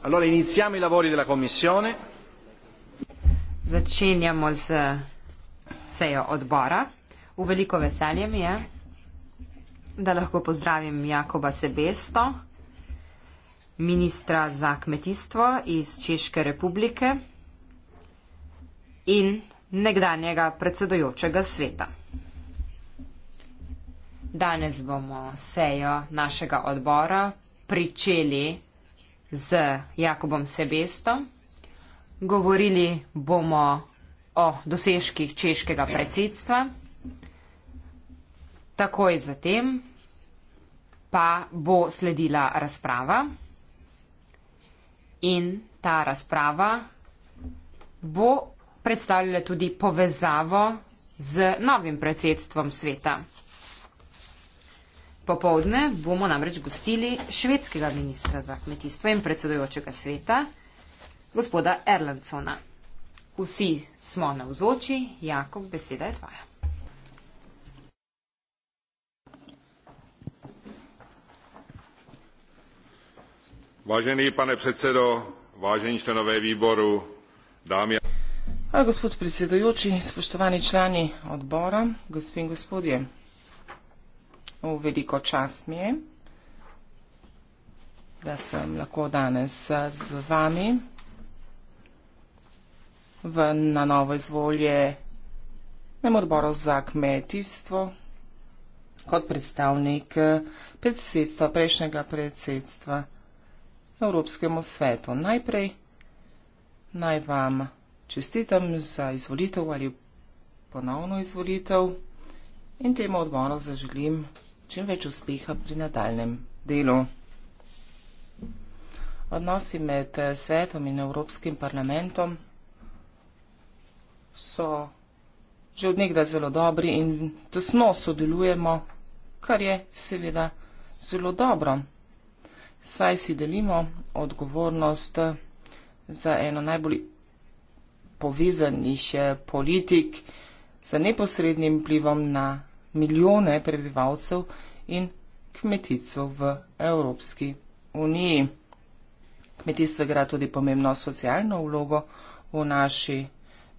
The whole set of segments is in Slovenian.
Allora iniziamo i lavori della Commissione. Začenjamo z sejo odbora. V veliko veselje mi je, da lahko pozdravim Jakoba Sebesto, ministra za kmetijstvo iz Češke republike in nekdanjega predsedojočega sveta. Danes bomo sejo našega odbora pričeli z Jakobom Sebestom. Govorili bomo o dosežkih češkega predsedstva. Takoj zatem pa bo sledila razprava in ta razprava bo predstavljala tudi povezavo z novim predsedstvom sveta. Popovdne bomo namreč gostili švedskega ministra za kmetijstvo in predsedojočega sveta, gospoda Erlandsona. Vsi smo na vzoči, Jakob, beseda je tvoja. Važeni pane predsedo, važeni členove výboru, dámy a... Hvala gospod predsedojoči, spoštovani člani odbora, gospod in gospodje v veliko čast mi je, da sem lahko danes eh, z vami v, na novo izvolje na odboru za kmetijstvo kot predstavnik eh, predsedstva, prejšnjega predsedstva Evropskemu svetu. Najprej naj vam čestitam za izvolitev ali ponovno izvolitev. In temu odboru zaželim čim več uspeha pri nadaljem delu. Odnosi med eh, svetom in Evropskim parlamentom so že od nekdaj zelo dobri in tesno sodelujemo, kar je seveda zelo dobro. Saj si delimo odgovornost eh, za eno najbolj povezanih eh, politik, za neposrednim vplivom na milijone prebivalcev in kmetijstvo v Evropski uniji. Kmetijstvo igra tudi pomembno socialno vlogo v naši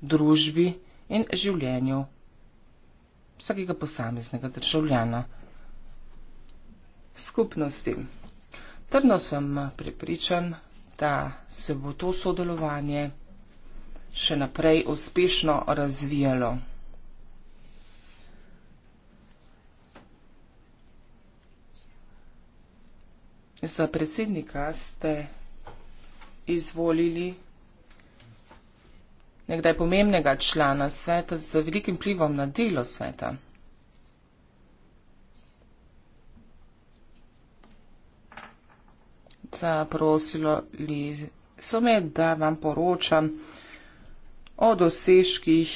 družbi in življenju vsakega posameznega državljana skupnosti. Trdno sem prepričan, da se bo to sodelovanje še naprej uspešno razvijalo. Za predsednika ste izvolili nekdaj pomembnega člana sveta z velikim plivom na delo sveta. Zaprosilo li so me, da vam poročam o dosežkih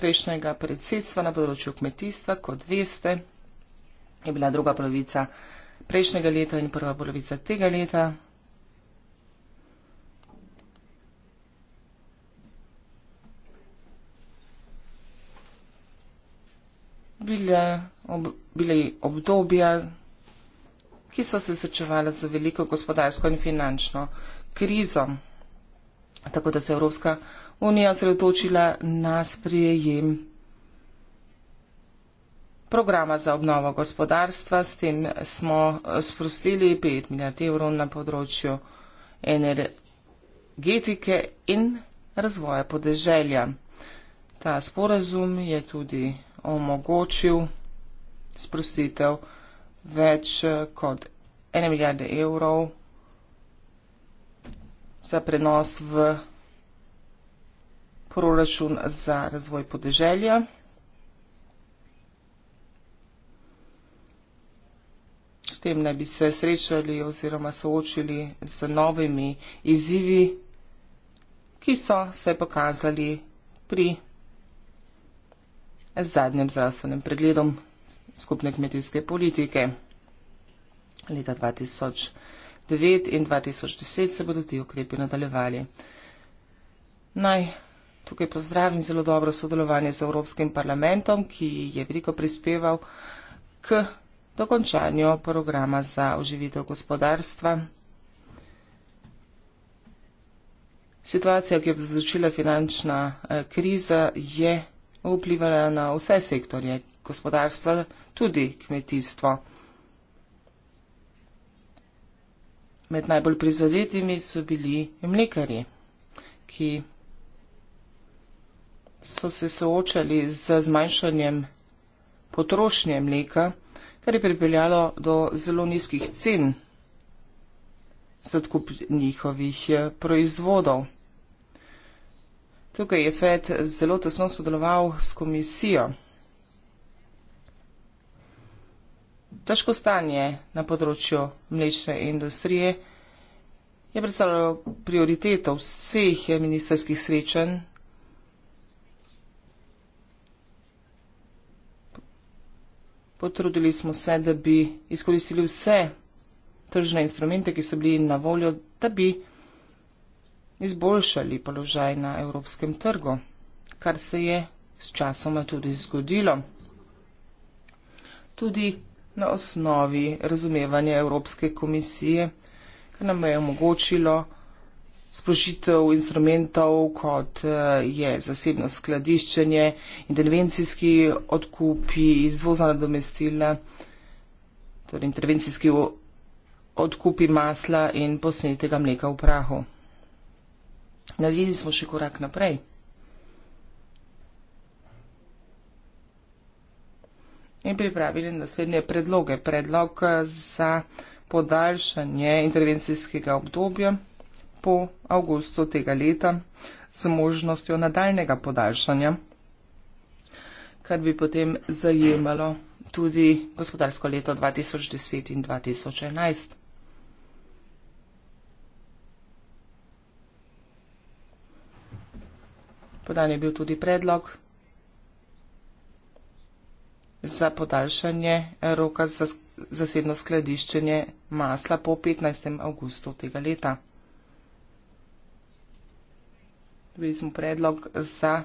prejšnjega predsedstva na področju kmetijstva, kot veste, je bila druga polovica prejšnjega leta in prva polovica tega leta. Bile, ob, bile obdobja, ki so se srečevala z veliko gospodarsko in finančno krizo, tako da se Evropska unija sredotočila na sprejem programa za obnovo gospodarstva. S tem smo eh, sprostili 5 milijard evrov na področju energetike in razvoja podeželja. Ta sporazum je tudi omogočil sprostitev več eh, kot 1 milijarde evrov za prenos v proračun za razvoj podeželja. tem ne bi se srečali oziroma soočili z novimi izzivi, ki so se pokazali pri zadnjem zdravstvenem pregledu skupne kmetijske politike. Leta 2009 in 2010 se bodo ti ukrepi nadaljevali. Naj tukaj pozdravim zelo dobro sodelovanje z Evropskim parlamentom, ki je veliko prispeval k dokončanju programa za oživitev gospodarstva. Situacija, ki je povzročila finančna eh, kriza, je vplivala na vse sektorje gospodarstva, tudi kmetijstvo. Med najbolj prizadetimi so bili mlekarji, ki so se soočali z zmanjšanjem potrošnje mleka kar je pripeljalo do zelo nizkih cen za odkup njihovih eh, proizvodov. Tukaj je svet zelo tesno sodeloval s komisijo. Težko stanje na področju mlečne industrije je predstavljalo prioriteto vseh ministerskih srečanj Potrudili smo se, da bi izkoristili vse tržne instrumente, ki so bili na voljo, da bi izboljšali položaj na evropskem trgu, kar se je s časoma tudi zgodilo. Tudi na osnovi razumevanja Evropske komisije, ki nam je omogočilo, splošitev instrumentov, kot eh, je zasebno skladiščenje, intervencijski odkupi, izvozna nadomestila, torej intervencijski odkupi masla in posnetega mleka v prahu. Naredili smo še korak naprej. In pripravili naslednje predloge. Predlog eh, za podaljšanje intervencijskega obdobja po avgustu tega leta z možnostjo nadaljnega podaljšanja, kar bi potem zajemalo tudi gospodarsko leto 2010 in 2011. Podan je bil tudi predlog za podaljšanje roka za zasedno skladiščenje masla po 15. avgustu tega leta. dobili smo predlog za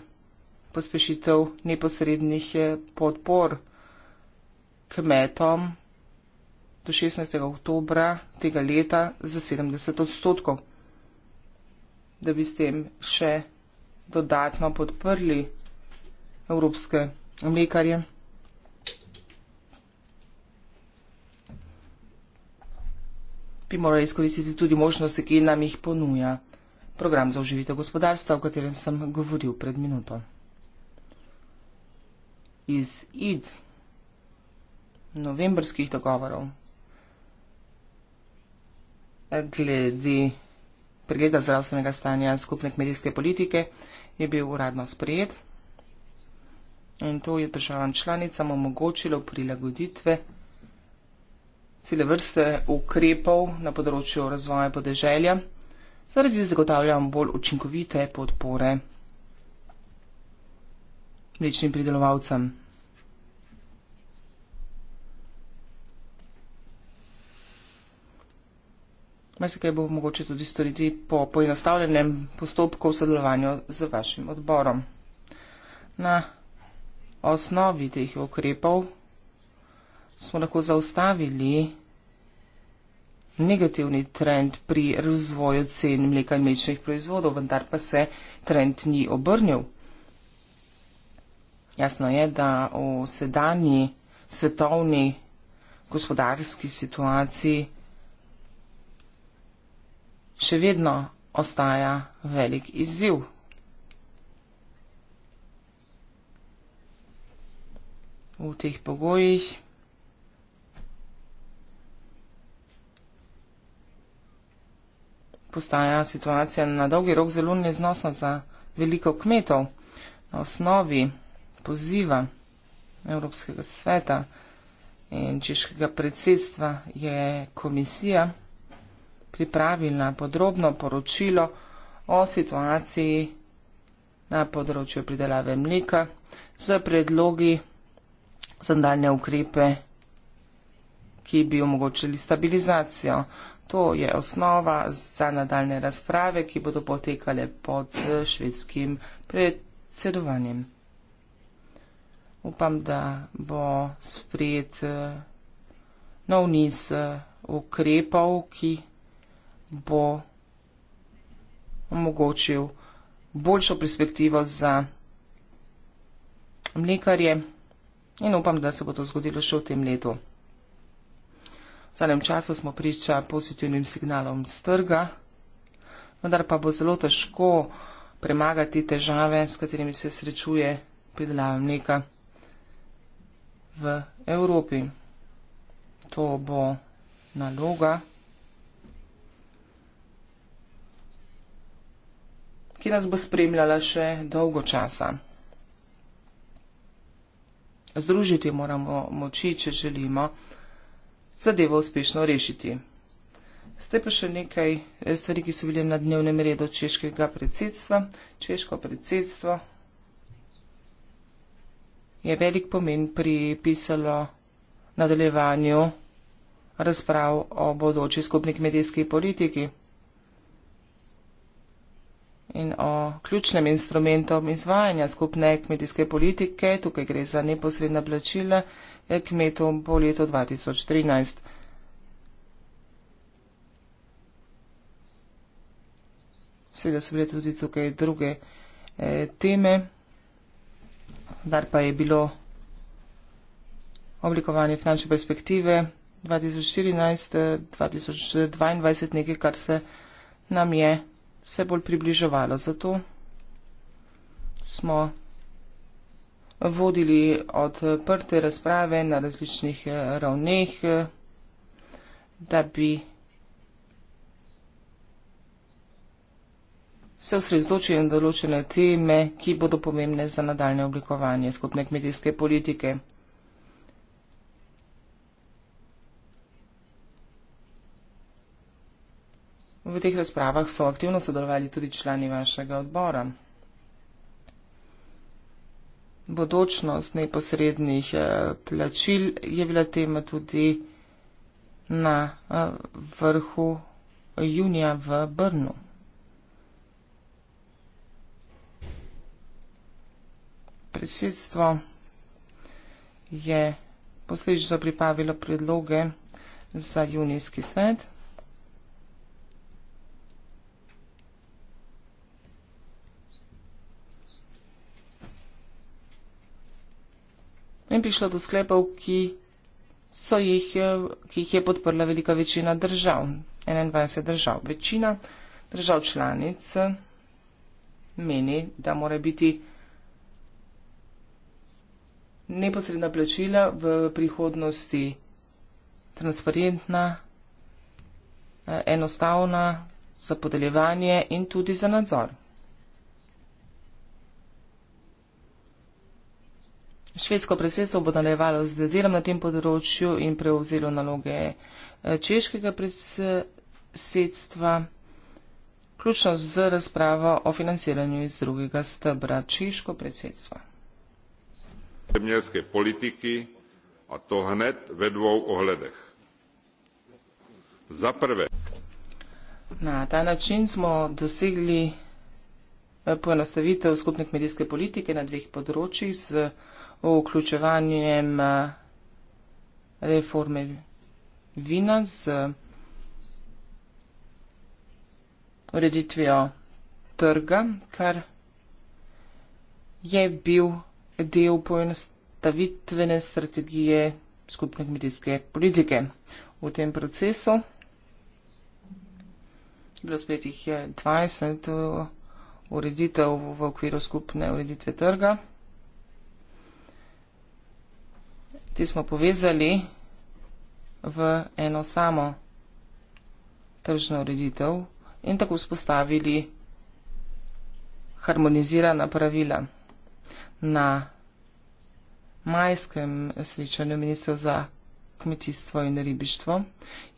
pospešitev neposrednih eh, podpor kmetom do 16. oktober tega leta za 70 odstotkov, da bi s tem še dodatno podprli evropske mlekarje. Bi morali izkoristiti tudi možnosti, ki nam jih ponuja program za oživitev gospodarstva, o katerem sem govoril pred minuto. Iz id novembrskih dogovorov glede pregleda zdravstvenega stanja skupne kmetijske politike je bil uradno sprejet in to je državam članicam omogočilo prilagoditve cele vrste ukrepov na področju razvoja podeželja zaradi zagotavljanja bolj učinkovite podpore mlečnim pridelovalcem. Marsikaj bo mogoče tudi storiti po poenostavljenem postopku v sodelovanju z vašim odborom. Na osnovi teh ukrepov smo lahko zaustavili negativni trend pri razvoju cen mleka in mlečnih proizvodov, vendar pa se trend ni obrnil. Jasno je, da v sedanji svetovni gospodarski situaciji še vedno ostaja velik izziv. V teh pogojih postaja situacija na dolgi rok zelo neznosna za veliko kmetov. Na osnovi poziva Evropskega sveta in češkega predsedstva je komisija pripravila podrobno poročilo o situaciji na področju pridelave mleka z predlogi za daljne ukrepe, ki bi omogočili stabilizacijo To je osnova za nadaljne razprave, ki bodo potekale pod eh, švedskim predsedovanjem. Upam, da bo sprejet eh, nov niz eh, ukrepov, ki bo omogočil boljšo perspektivo za mlekarje in upam, da se bo to zgodilo še v tem letu. V zadnjem času smo priča pozitivnim signalom z trga, vendar pa bo zelo težko premagati težave, s katerimi se srečuje pridelava mleka v Evropi. To bo naloga, ki nas bo spremljala še dolgo časa. Združiti moramo moči, če želimo zadevo uspešno rešiti. Ste pa še nekaj eh, stvari, ki so bile na dnevnem redu češkega predsedstva. Češko predsedstvo je velik pomen pripisalo nadaljevanju razprav o bodoči skupni kmetijski politiki in o ključnem instrumentom izvajanja skupne kmetijske politike. Tukaj gre za neposredna plačila kmetov po leto 2013. Seveda so bile tudi tukaj druge eh, teme, dar pa je bilo oblikovanje finančne perspektive 2014-2022 eh, nekaj, kar se nam je vse bolj približevalo. Zato smo vodili odprte razprave na različnih eh, ravneh, eh, da bi se osredotočili na določene teme, ki bodo pomembne za nadaljne oblikovanje skupne kmetijske politike. V teh razpravah so aktivno sodelovali tudi člani vašega odbora bodočnost neposrednih eh, plačil je bila tema tudi na eh, vrhu junija v Brnu. Predsedstvo je posledično pripravilo predloge za junijski svet. in prišla do sklepov, ki, jih, eh, ki jih je podprla velika večina držav, 21 držav. Večina držav članic eh, meni, da mora biti neposredna plačila v prihodnosti transparentna, eh, enostavna za podeljevanje in tudi za nadzor. Švedsko predsedstvo bo nadaljevalo z delom na tem področju in prevzelo naloge eh, češkega predsedstva, ključno z razpravo o financiranju iz drugega stebra češko predsedstva. Zemljske politiki, a to hned ve dvou ohledeh. Za prve. Na ta način smo dosegli eh, poenostavitev skupne kmetijske politike na dveh področjih z o vključevanjem eh, reforme vina z ureditvijo trga, kar je bil del poenostavitvene strategije skupne kmetijske politike. V tem procesu bilo spletih 20 eh, ureditev v okviru skupne ureditve trga. te smo povezali v eno samo tržno ureditev in tako vzpostavili harmonizirana pravila. Na majskem srečanju ministrov za kmetijstvo in ribištvo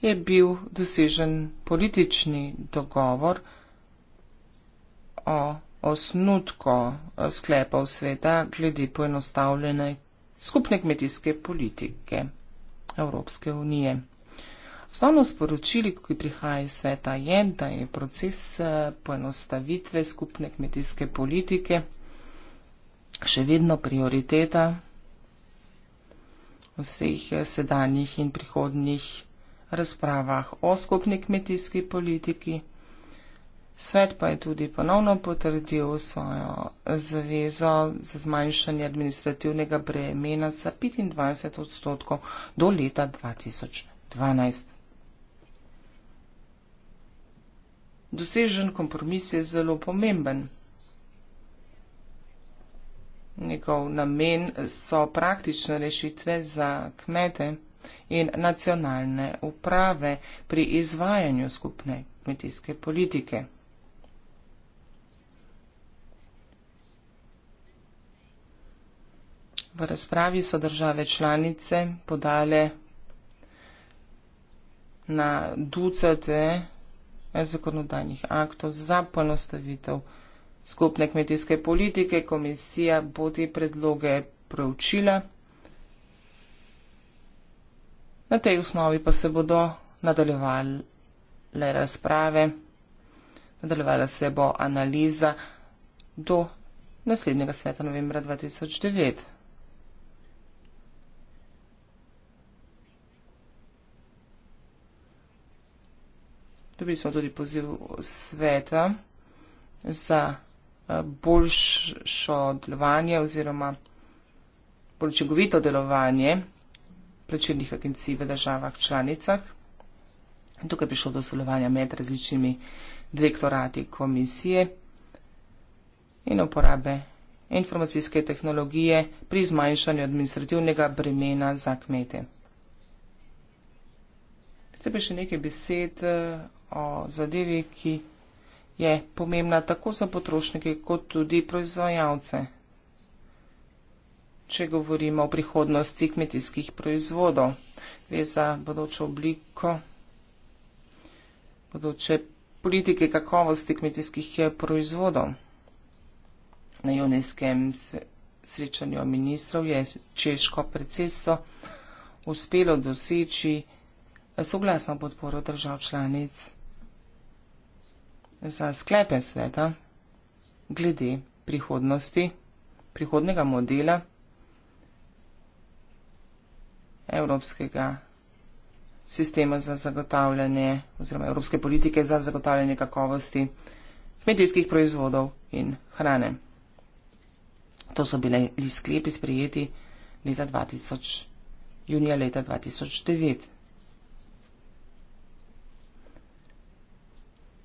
je bil dosežen politični dogovor o osnutko sklepov sveta glede poenostavljene skupne kmetijske politike Evropske unije. Osnovno sporočili, ki prihaja iz sveta, je, da je proces eh, poenostavitve skupne kmetijske politike še vedno prioriteta vseh eh, sedanjih in prihodnjih razpravah o skupni kmetijski politiki. Svet pa je tudi ponovno potrdil svojo zavezo za zmanjšanje administrativnega bremena za 25 odstotkov do leta 2012. Dosežen kompromis je zelo pomemben. Njegov namen so praktične rešitve za kmete in nacionalne uprave pri izvajanju skupne kmetijske politike. V razpravi so države članice podale na ducate zakonodajnih aktov za ponostavitev skupne kmetijske politike. Komisija bo te predloge preučila. Na tej osnovi pa se bodo nadaljevale razprave. Nadaljevala se bo analiza do naslednjega sveta novembra 2009. dobili smo tudi poziv sveta za eh, boljšo delovanje oziroma bolj učinkovito delovanje plačilnih agencij v državah članicah. Tukaj je prišlo do sodelovanja med različnimi direktorati komisije in uporabe informacijske tehnologije pri zmanjšanju administrativnega bremena za kmete. Zdaj pa še nekaj besed eh, o zadevi, ki je pomembna tako za potrošnike, kot tudi proizvajalce, če govorimo o prihodnosti kmetijskih proizvodov. Gre za bodočo obliko, bodoče politike kakovosti kmetijskih eh, proizvodov. Na junijskem srečanju ministrov je češko predsedstvo uspelo doseči, soglasno podporo držav članic za sklepe sveta glede prihodnosti, prihodnega modela evropskega sistema za zagotavljanje oziroma evropske politike za zagotavljanje kakovosti kmetijskih proizvodov in hrane. To so bili sklepi sprijeti leta 2000, junija leta 2009.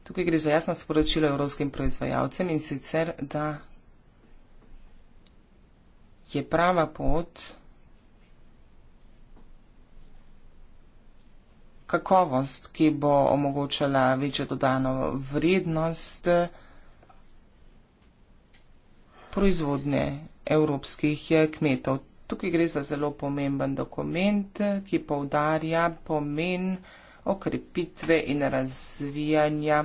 Tukaj gre za jasno sporočilo evropskim proizvajalcem in sicer, da je prava pot kakovost, ki bo omogočala večjo dodano vrednost proizvodnje evropskih eh, kmetov. Tukaj gre za zelo pomemben dokument, ki povdarja pomen okrepitve in razvijanja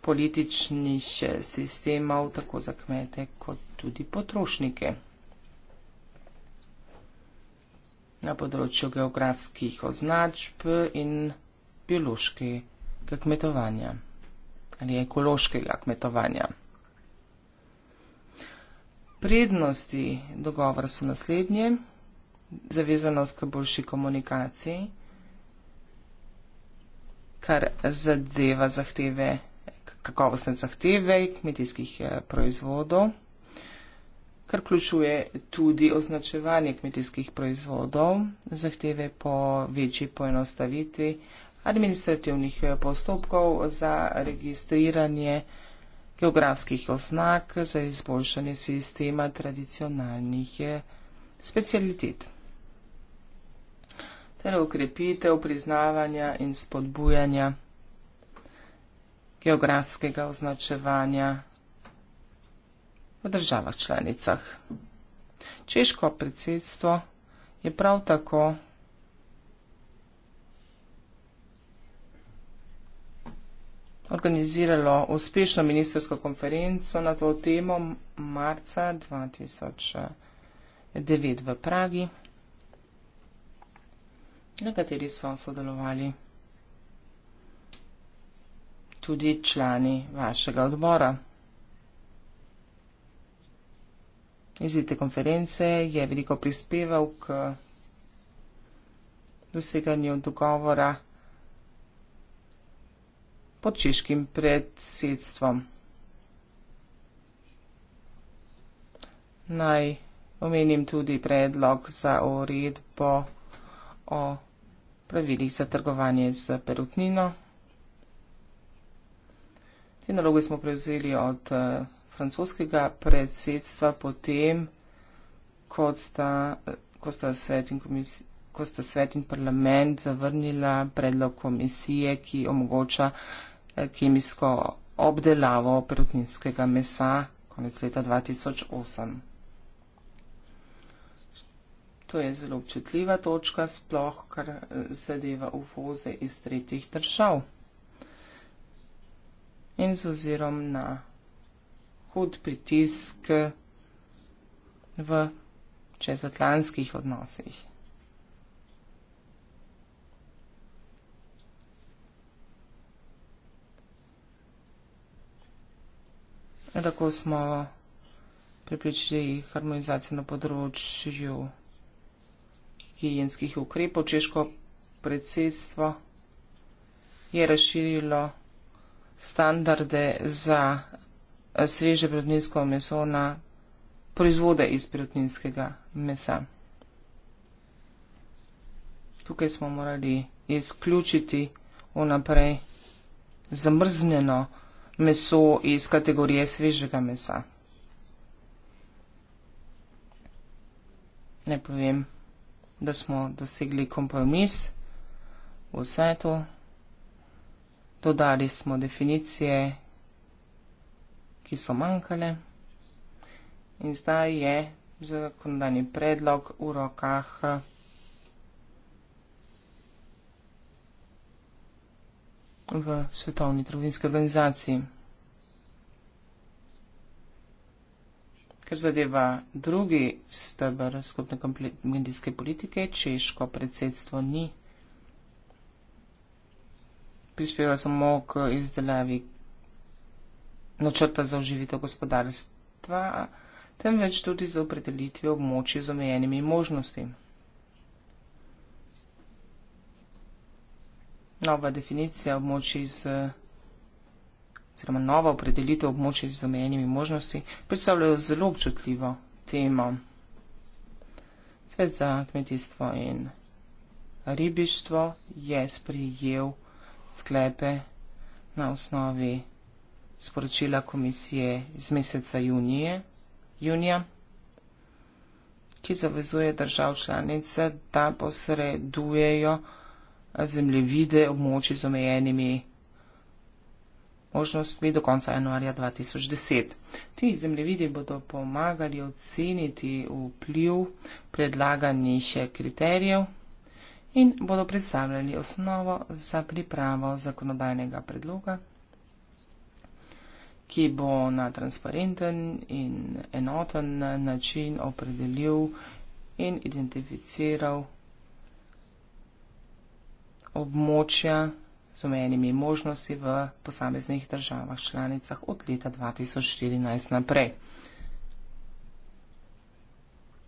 političnih sistemov tako za kmete kot tudi potrošnike. Na področju geografskih označb in biološkega kmetovanja ali ekološkega kmetovanja. Prednosti dogovora so naslednje. Zavezanost k boljši komunikaciji, kar zadeva zahteve, kakovostne zahteve kmetijskih eh, proizvodov, kar vključuje tudi označevanje kmetijskih proizvodov, zahteve po večji poenostavitvi administrativnih eh, postopkov za registriranje geografskih oznak za izboljšanje sistema tradicionalnih eh, specialitet ter okrepitev priznavanja in spodbujanja geografskega označevanja v državah članicah. Češko predsedstvo je prav tako organiziralo uspešno ministersko konferenco na to temo marca 2009 v Pragi na kateri so sodelovali tudi člani vašega odbora. Izid te konference je veliko prispeval k doseganju dogovora pod češkim predsedstvom. Naj omenim tudi predlog za uredbo o pravilih za trgovanje z perutnino. Te naloge smo prevzeli od eh, francoskega predsedstva potem, ko sta, eh, ko sta, svet, in komisi, ko sta svet in parlament zavrnila predlog komisije, ki omogoča eh, kemijsko obdelavo perutninskega mesa konec leta 2008. To je zelo občutljiva točka, sploh kar eh, zadeva uvoze iz tretjih držav. In z ozirom na hud pritisk v čezatlantskih odnosih. Lahko smo pripričali harmonizacijo na področju higijenskih ukrepov. Češko predsedstvo je razširilo standarde za eh, sveže prirodninsko meso na proizvode iz prirodninskega mesa. Tukaj smo morali izključiti vnaprej zamrzneno meso iz kategorije svežega mesa. Ne povem, da smo dosegli kompromis v vse to. Dodali smo definicije, ki so manjkale. In zdaj je zakonodajni predlog v rokah v Svetovni trgovinski organizaciji. Ker zadeva drugi stebr skupne medijske politike, češko predsedstvo ni prispeva samo k izdelavi načrta za oživitev gospodarstva, temveč tudi za opredelitve območij z omejenimi možnosti. Nova definicija območij z oziroma nova opredelitev območja z omejenimi možnosti, predstavljajo zelo občutljivo temo. Svet za kmetijstvo in ribištvo je sprijel sklepe na osnovi sporočila komisije iz meseca junije, junija, ki zavezuje držav članice, da posredujejo zemljevide območji z omejenimi možnosti možnosti do konca januarja 2010. Ti zemljevidi bodo pomagali oceniti vpliv predlaganih kriterijev in bodo predstavljali osnovo za pripravo zakonodajnega predloga, ki bo na transparenten in enoten način opredelil in identificiral območja z omenjenimi možnosti v posameznih državah članicah od leta 2014 naprej.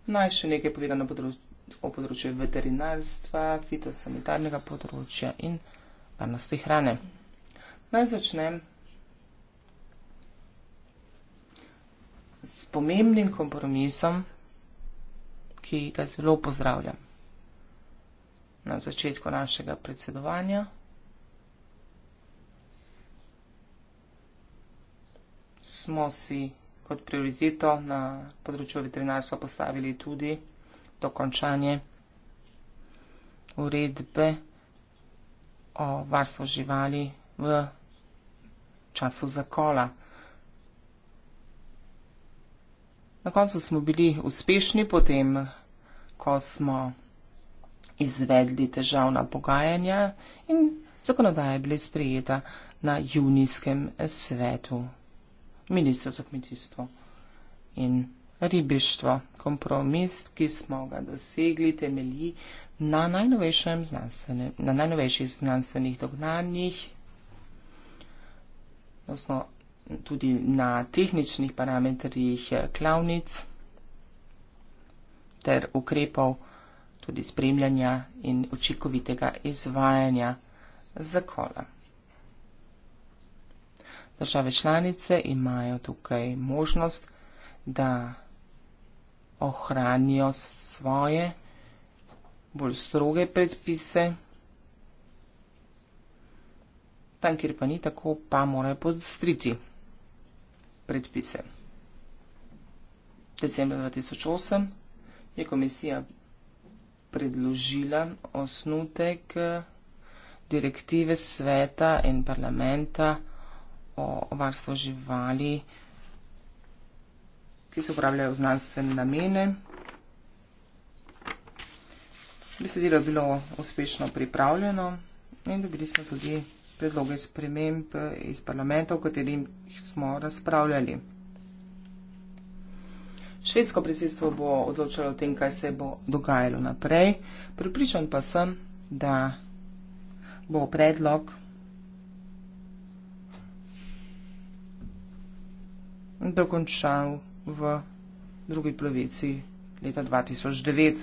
Naj še nekaj povedam o področju veterinarstva, fitosanitarnega področja in varnosti hrane. Naj začnem s pomembnim kompromisom, ki ga zelo pozdravljam na začetku našega predsedovanja. smo si kot prioriteto na področju veterinarstva postavili tudi dokončanje uredbe o varstvu živali v času zakola. Na koncu smo bili uspešni potem, ko smo izvedli težavna pogajanja in zakonodaja je bila sprejeta na junijskem svetu ministra za kmetijstvo in ribištvo. Kompromis, ki smo ga dosegli, temelji na, na najnovejših znanstvenih dognanjih, osno, tudi na tehničnih parametrih eh, klavnic ter ukrepov tudi spremljanja in učinkovitega izvajanja zakola države članice imajo tukaj možnost, da ohranijo svoje bolj stroge predpise. Tam, kjer pa ni tako, pa morajo podstriti predpise. Decembra 2008 je komisija predložila osnutek eh, direktive sveta in parlamenta o varstvu živali, ki se uporabljajo v znanstvene namene. Besedilo je bilo uspešno pripravljeno in dobili smo tudi predloge sprememb iz parlamenta, o katerim smo razpravljali. Švedsko predsedstvo bo odločalo o tem, kaj se bo dogajalo naprej. Pripričan pa sem, da bo predlog dokončal v drugi polovici leta 2009.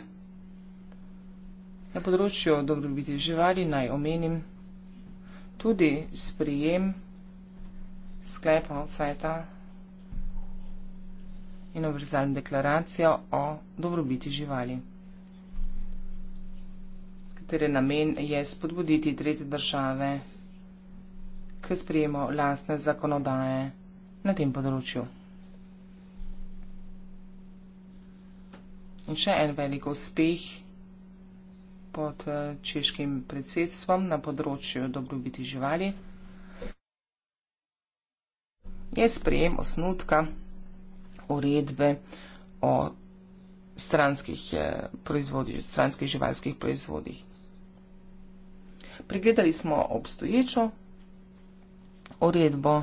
Na področju dobrobiti živali naj omenim tudi sprijem sklepa od sveta in obrzalno deklaracijo o dobrobiti živali, katere namen je spodbuditi tretje države k sprijemu lastne zakonodaje na tem področju. In še en velik uspeh pod eh, češkim predsedstvom na področju dobrobiti živali je sprejem osnutka uredbe o stranskih eh, proizvodih, stranskih živalskih proizvodih. Pregledali smo obstoječo uredbo.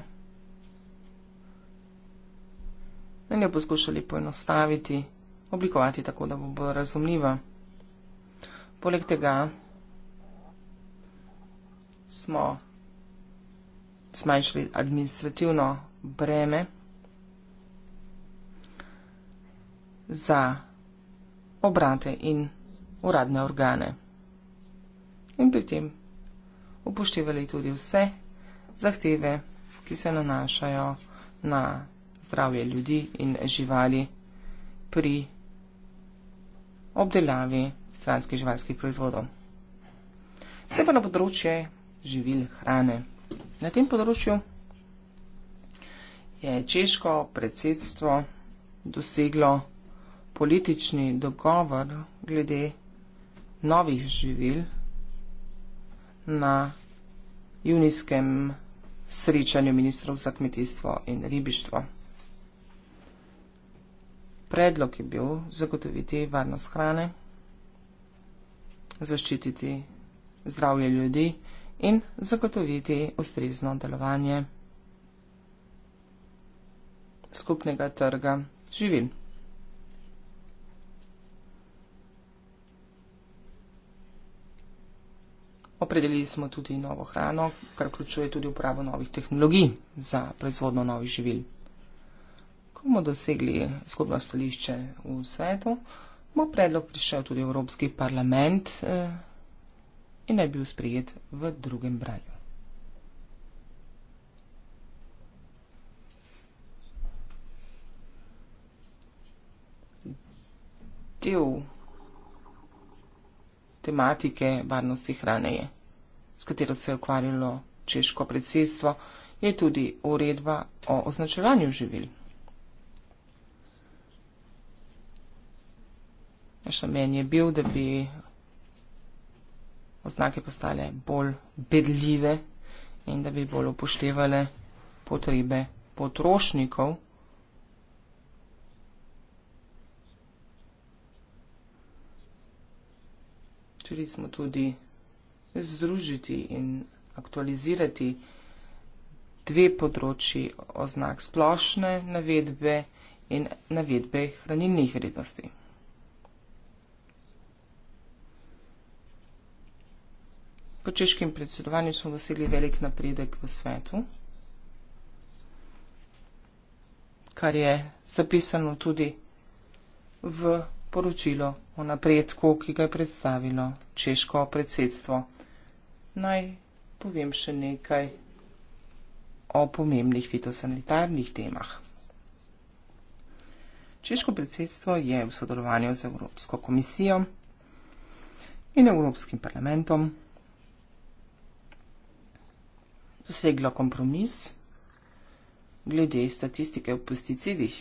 in jo poskušali poenostaviti, oblikovati tako, da bo bolj razumljiva. Poleg tega smo smanjšali administrativno breme za obrate in uradne organe. In pri tem upoštevali tudi vse zahteve, ki se nanašajo na zdravje ljudi in živali pri obdelavi stranskih živalskih proizvodov. Zdaj pa na področje živil hrane. Na tem področju je češko predsedstvo doseglo politični dogovor glede novih živil na junijskem srečanju ministrov za kmetijstvo in ribištvo predlog je bil zagotoviti varnost hrane, zaščititi zdravje ljudi in zagotoviti ustrezno delovanje skupnega trga živil. Opredelili smo tudi novo hrano, kar vključuje tudi uporabo novih tehnologij za proizvodno novih živil bomo dosegli skupno stališče v svetu, bo predlog prišel tudi v Evropski parlament eh, in naj bil sprejet v drugem branju. Del tematike varnosti hrane je, s katero se je ukvarjalo češko predsedstvo, je tudi uredba o označevanju živil. Naš namen je bil, da bi oznake postale bolj bedljive in da bi bolj upoštevale potrebe potrošnikov. Čeli smo tudi združiti in aktualizirati dve področji oznak splošne navedbe in navedbe hranilnih vrednosti. Po češkem predsedovanju smo dosegli velik napredek v svetu, kar je zapisano tudi v poročilo o napredku, ki ga je predstavilo češko predsedstvo. Naj povem še nekaj o pomembnih fitosanitarnih temah. Češko predsedstvo je v sodelovanju z Evropsko komisijo in Evropskim parlamentom dosegla kompromis glede statistike v pesticidih.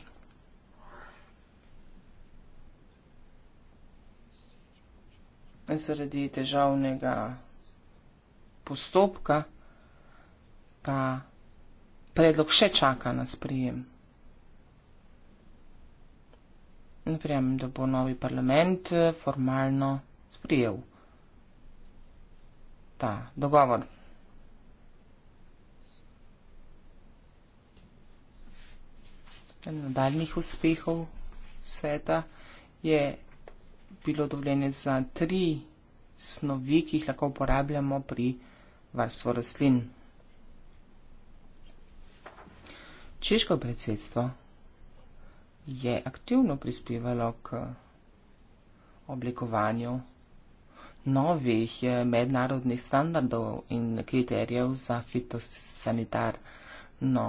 Zaradi težavnega postopka pa predlog še čaka na sprijem. Verjamem, da bo novi parlament eh, formalno sprijel ta dogovor. nadaljnih uspehov sveta je bilo dovoljenje za tri snovi, ki jih lahko uporabljamo pri varstvu rastlin. Češko predsedstvo je aktivno prispevalo k oblikovanju novih eh, mednarodnih standardov in kriterijev za fitosanitarno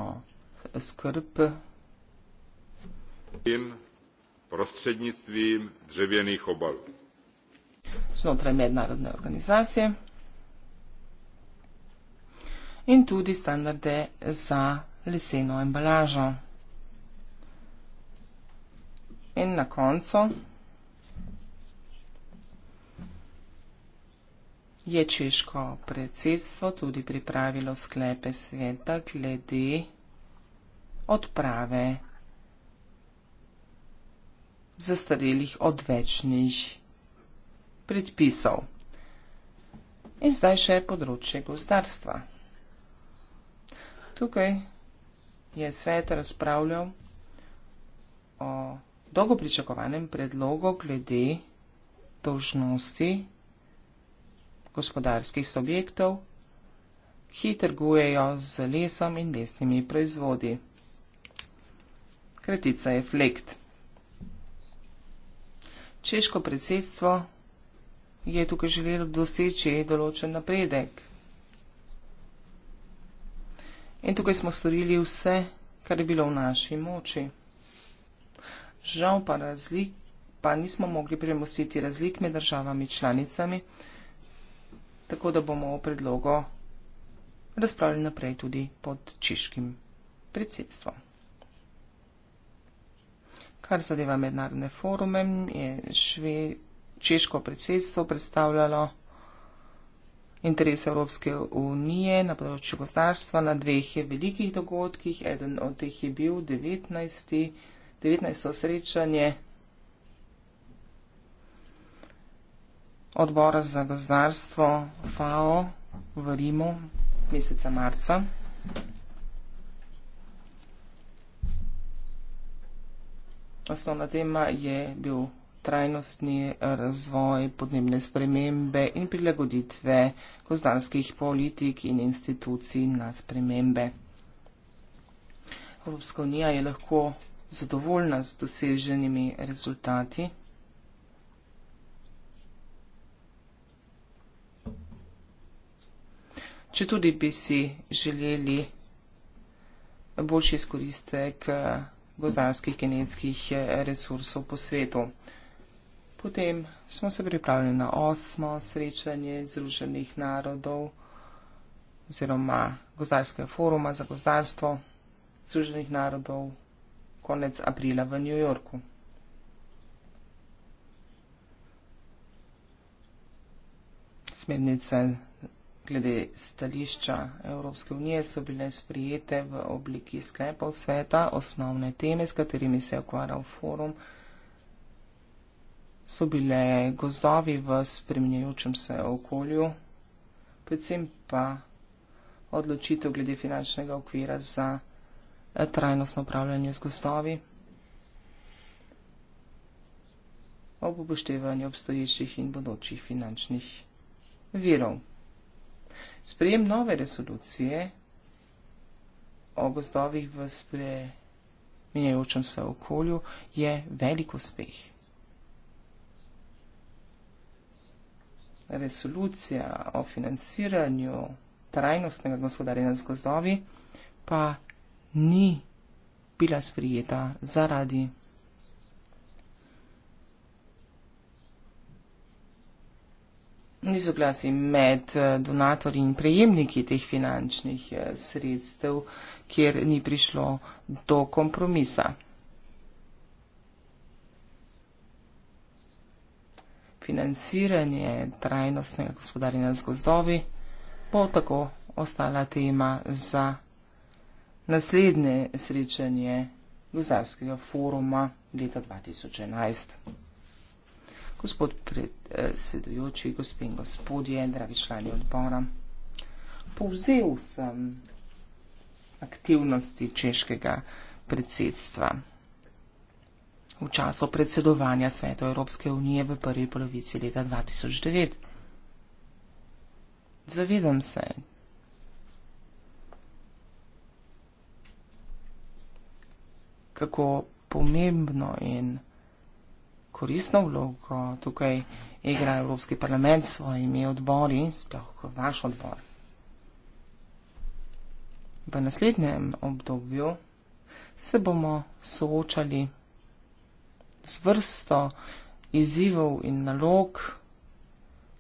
skrb především prostřednictvím dřevěných obalů. Znotraj mednarodne organizacije in tudi standarde za leseno embalažo. In na koncu je Češko predsedstvo tudi pripravilo sklepe sveta glede odprave zastarelih odvečnih predpisov. In zdaj še področje gozdarstva. Tukaj je svet razpravljal o dolgopričakovanem predlogu glede dožnosti gospodarskih subjektov, ki trgujejo z lesom in lesnimi proizvodi. Kratica je flekt češko predsedstvo je tukaj želelo doseči določen napredek. In tukaj smo storili vse, kar je bilo v naši moči. Žal pa, razlik, pa nismo mogli premositi razlik med državami članicami, tako da bomo o predlogu razpravljali naprej tudi pod češkim predsedstvom. Kar zadeva mednarodne forume, je šve, češko predsedstvo predstavljalo interes Evropske unije na področju gozdarstva na dveh velikih dogodkih. Eden od teh je bil 19. 19. srečanje odbora za gozdarstvo FAO v Rimu meseca marca. Osnovna tema je bil trajnostni razvoj, podnebne spremembe in prilagoditve gozdanskih politik in institucij na spremembe. Evropska unija je lahko zadovoljna z doseženimi rezultati. Če tudi bi si želeli boljši izkoristek eh, gozdarskih genetskih eh, resursov po svetu. Potem smo se pripravili na osmo srečanje Združenih narodov oziroma gozdarskega foruma za gozdarstvo Združenih narodov konec aprila v New Yorku. Smernice glede stališča Evropske unije so bile sprijete v obliki sklepov sveta, osnovne teme, s katerimi se je ukvarjal forum, so bile gozdovi v spremenjajočem se okolju, predvsem pa odločitev glede finančnega okvira za eh, trajnostno upravljanje z gozdovi. Ob upoštevanju obstoječih in bodočih finančnih virov. Sprejem nove resolucije o gozdovih v spremenjajočem se okolju je velik uspeh. Resolucija o financiranju trajnostnega gospodarjenja z gozdovi pa ni bila sprijeta zaradi Ni soglasi med eh, donatorji in prejemniki teh finančnih eh, sredstev, kjer ni prišlo do kompromisa. Financiranje trajnostnega gospodarjenja z gozdovi bo tako ostala tema za naslednje srečanje gozdarskega foruma leta 2011 gospod predsedujoči, gospe in gospodje, dragi člani odbora. Povzel sem aktivnosti češkega predsedstva. V času predsedovanja Sveta Evropske unije v prvi polovici leta 2009. Zavedam se, kako pomembno in koristno vlogo tukaj igra Evropski parlament s svojimi odbori, sploh vaš odbor. V naslednjem obdobju se bomo soočali z vrsto izzivov in nalog,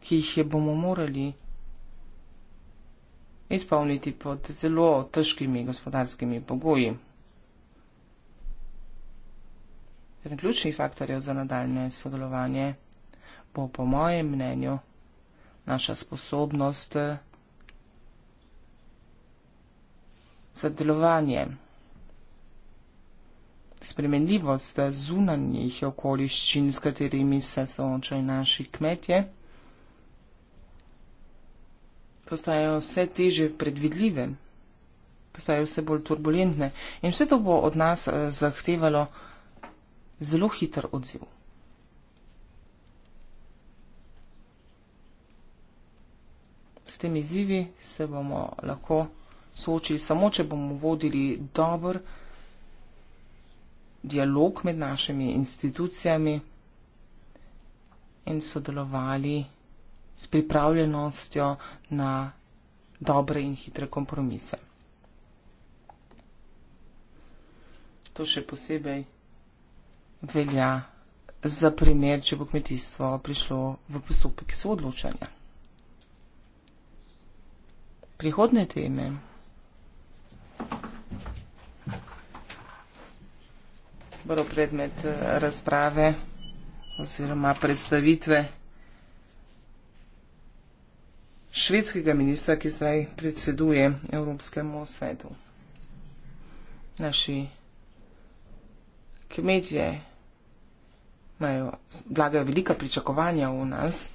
ki jih je bomo morali izpolniti pod zelo težkimi gospodarskimi pogoji. Eden ključnih faktorjev za nadaljne sodelovanje bo po mojem mnenju naša sposobnost eh, za delovanje, spremenljivost eh, zunanjih okoliščin, s katerimi se soočajo naši kmetje, postajajo vse teže predvidljive, postajajo vse bolj turbulentne in vse to bo od nas eh, zahtevalo, zelo hiter odziv. S tem izzivi se bomo lahko soočili samo, če bomo vodili dober dialog med našimi institucijami in sodelovali s pripravljenostjo na dobre in hitre kompromise. To še posebej velja za primer, če bo kmetijstvo prišlo v postopek soodločanja. Prihodne teme. Bro predmet eh, razprave oziroma predstavitve švedskega ministra, ki zdaj predseduje Evropskemu svetu. Naši kmetje imajo, vlagajo velika pričakovanja v nas.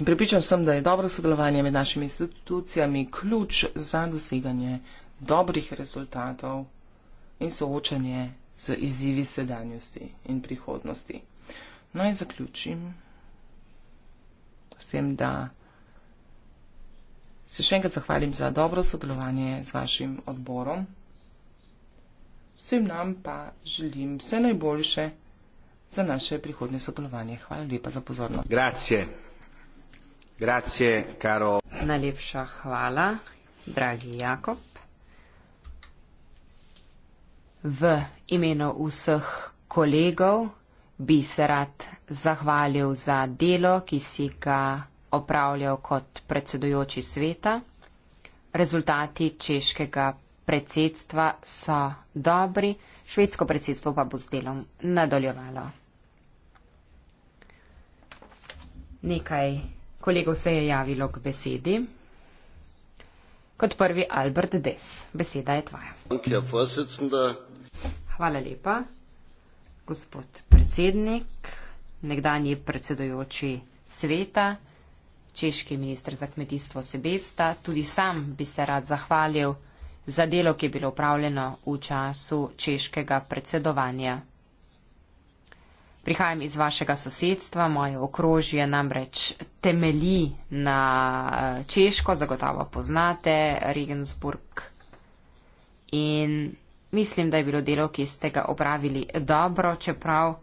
In pripričan sem, da je dobro sodelovanje med našimi institucijami ključ za doseganje dobrih rezultatov in soočanje z izzivi sedanjosti in prihodnosti. No in zaključim s tem, da se še enkrat zahvalim za dobro sodelovanje z vašim odborom vsem nam pa želim vse najboljše za naše prihodnje sodelovanje. Hvala lepa za pozornost. Grazie. Grazie, caro. Najlepša hvala, dragi Jakob. V imenu vseh kolegov bi se rad zahvalil za delo, ki si ga opravljal kot predsedujoči sveta. Rezultati češkega predsedstva so dobri, švedsko predsedstvo pa bo z delom nadaljevalo. Nekaj kolegov se je javilo k besedi. Kot prvi Albert Def, beseda je tvoja. Hvala lepa, gospod predsednik, nekdanji predsedujoči sveta, češki minister za kmetijstvo Sebesta. Tudi sam bi se rad zahvalil za delo, ki je bilo upravljeno v času češkega predsedovanja. Prihajam iz vašega sosedstva, moje okrožje namreč temelji na eh, Češko, zagotovo poznate Regensburg. In mislim, da je bilo delo, ki ste ga opravili dobro, čeprav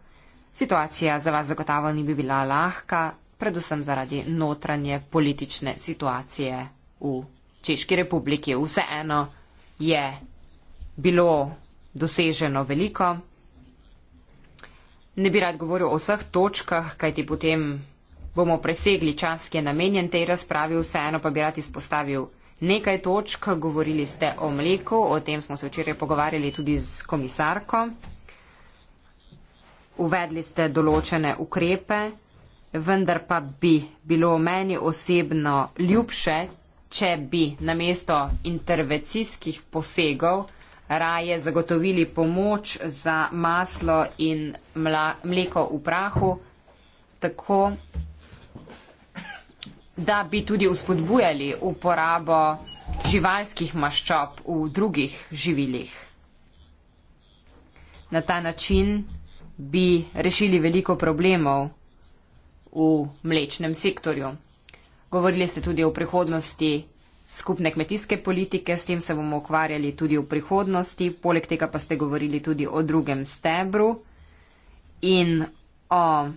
situacija za vas zagotovo ni bi bila lahka, predvsem zaradi notranje politične situacije v Češki republiki. Vseeno je bilo doseženo veliko. Ne bi rad govoril o vseh točkah, kajti potem bomo presegli čas, ki je namenjen tej razpravi, vseeno pa bi rad izpostavil nekaj točk. Govorili ste o mleku, o tem smo se včeraj pogovarjali tudi z komisarko. Uvedli ste določene ukrepe, vendar pa bi bilo meni osebno ljubše, če bi namesto intervencijskih posegov raje zagotovili pomoč za maslo in mla, mleko v prahu, tako da bi tudi uspodbujali uporabo živalskih maščob v drugih živilih. Na ta način bi rešili veliko problemov v mlečnem sektorju. Govorili ste tudi o prihodnosti skupne kmetijske politike, s tem se bomo ukvarjali tudi v prihodnosti. Poleg tega pa ste govorili tudi o drugem stebru in o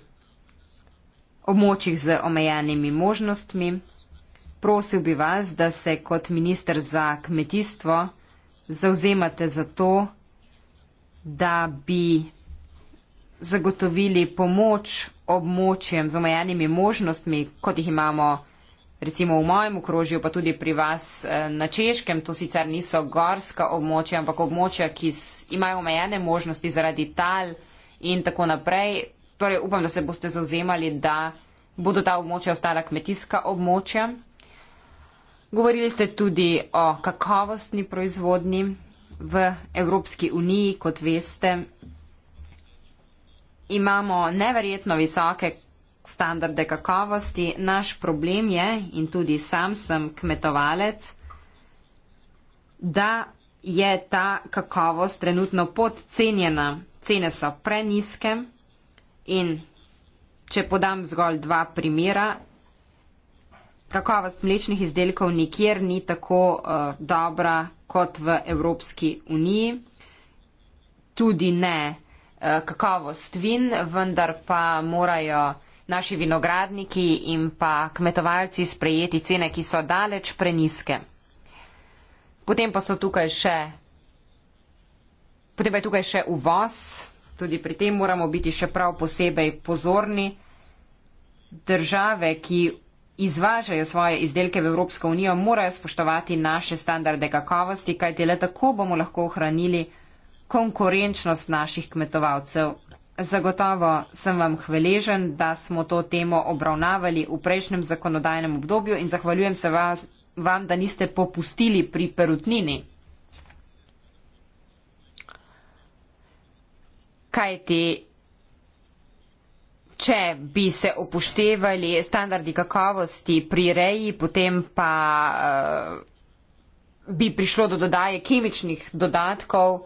območjih z omejenimi možnostmi. Prosil bi vas, da se kot minister za kmetijstvo zauzemate za to, da bi zagotovili pomoč območjem z omejenimi možnostmi, kot jih imamo recimo v mojem okrožju, pa tudi pri vas eh, na Češkem, to sicer niso gorska območja, ampak območja, ki imajo omejene možnosti zaradi tal in tako naprej. Torej upam, da se boste zauzemali, da bodo ta območja ostala kmetijska območja. Govorili ste tudi o kakovostni proizvodnji v Evropski uniji, kot veste. Imamo neverjetno visoke standarde kakovosti. Naš problem je, in tudi sam sem kmetovalec, da je ta kakovost trenutno podcenjena. Cene so preniske in če podam zgolj dva primera, kakovost mlečnih izdelkov nikjer ni tako uh, dobra kot v Evropski uniji. Tudi ne uh, kakovost vin, vendar pa morajo naši vinogradniki in pa kmetovalci sprejeti cene, ki so daleč preniske. Potem pa so tukaj še. Potem pa je tukaj še uvoz, tudi pri tem moramo biti še prav posebej pozorni. Države, ki izvažajo svoje izdelke v Evropsko unijo, morajo spoštovati naše standarde kakovosti, kajti le tako bomo lahko ohranili konkurenčnost naših kmetovalcev Zagotovo sem vam hvaležen, da smo to temo obravnavali v prejšnjem zakonodajnem obdobju in zahvaljujem se vas, vam, da niste popustili pri perutnini. Kaj ti, če bi se upoštevali standardi kakovosti pri reji, potem pa uh, bi prišlo do dodaje kemičnih dodatkov,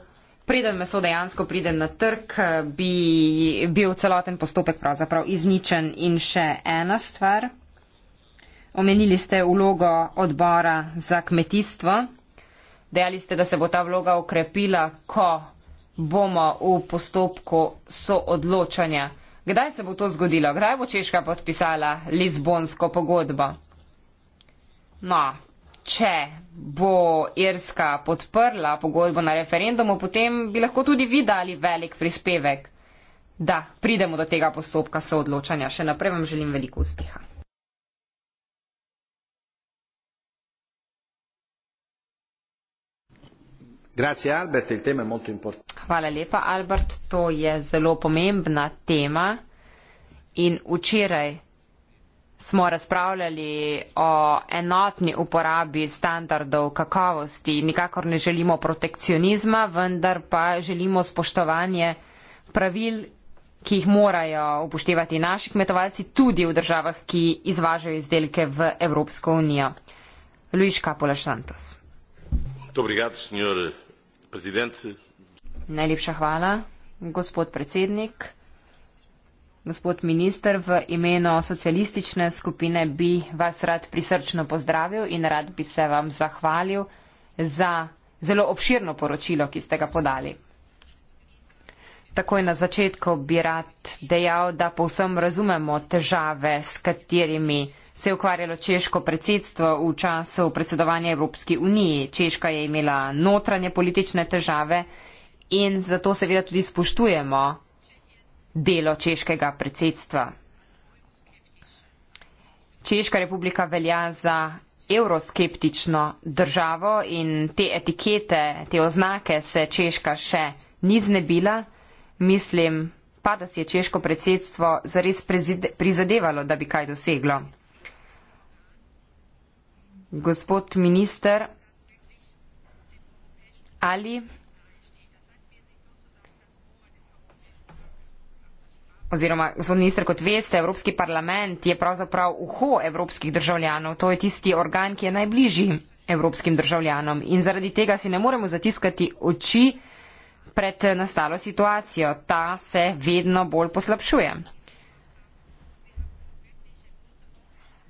preden meso dejansko pride na trg, eh, bi bil celoten postopek pravzaprav izničen. In še ena stvar. Omenili ste vlogo odbora za kmetijstvo. Dejali ste, da se bo ta vloga ukrepila, ko bomo v postopku soodločanja. Kdaj se bo to zgodilo? Kdaj bo Češka podpisala Lizbonsko pogodbo? No, če bo Irska podprla pogodbo na referendumu, potem bi lahko tudi vi dali velik prispevek, da pridemo do tega postopka soodločanja. Še naprej vam želim veliko uspeha. Grazie, Albert, il tema è molto Hvala lepa, Albert. To je zelo pomembna tema. In včeraj smo razpravljali o enotni uporabi standardov kakovosti. Nikakor ne želimo protekcionizma, vendar pa želimo spoštovanje pravil, ki jih morajo upoštevati naši kmetovalci tudi v državah, ki izvažajo izdelke v Evropsko unijo. Luiš Kapola Šantos. Najlepša hvala, gospod predsednik. Gospod minister, v imenu socialistične skupine bi vas rad prisrčno pozdravil in rad bi se vam zahvalil za zelo obširno poročilo, ki ste ga podali. Takoj na začetku bi rad dejal, da povsem razumemo težave, s katerimi se je ukvarjalo češko predsedstvo v času predsedovanja Evropski uniji. Češka je imela notranje politične težave in zato seveda tudi spoštujemo delo češkega predsedstva. Češka republika velja za euroskeptično državo in te etikete, te oznake se Češka še ni znebila. Mislim pa, da si je češko predsedstvo zares prizadevalo, da bi kaj doseglo. Gospod minister, ali oziroma, gospod minister, kot veste, Evropski parlament je pravzaprav uho evropskih državljanov, to je tisti organ, ki je najbližji evropskim državljanom in zaradi tega si ne moremo zatiskati oči pred nastalo situacijo. Ta se vedno bolj poslabšuje.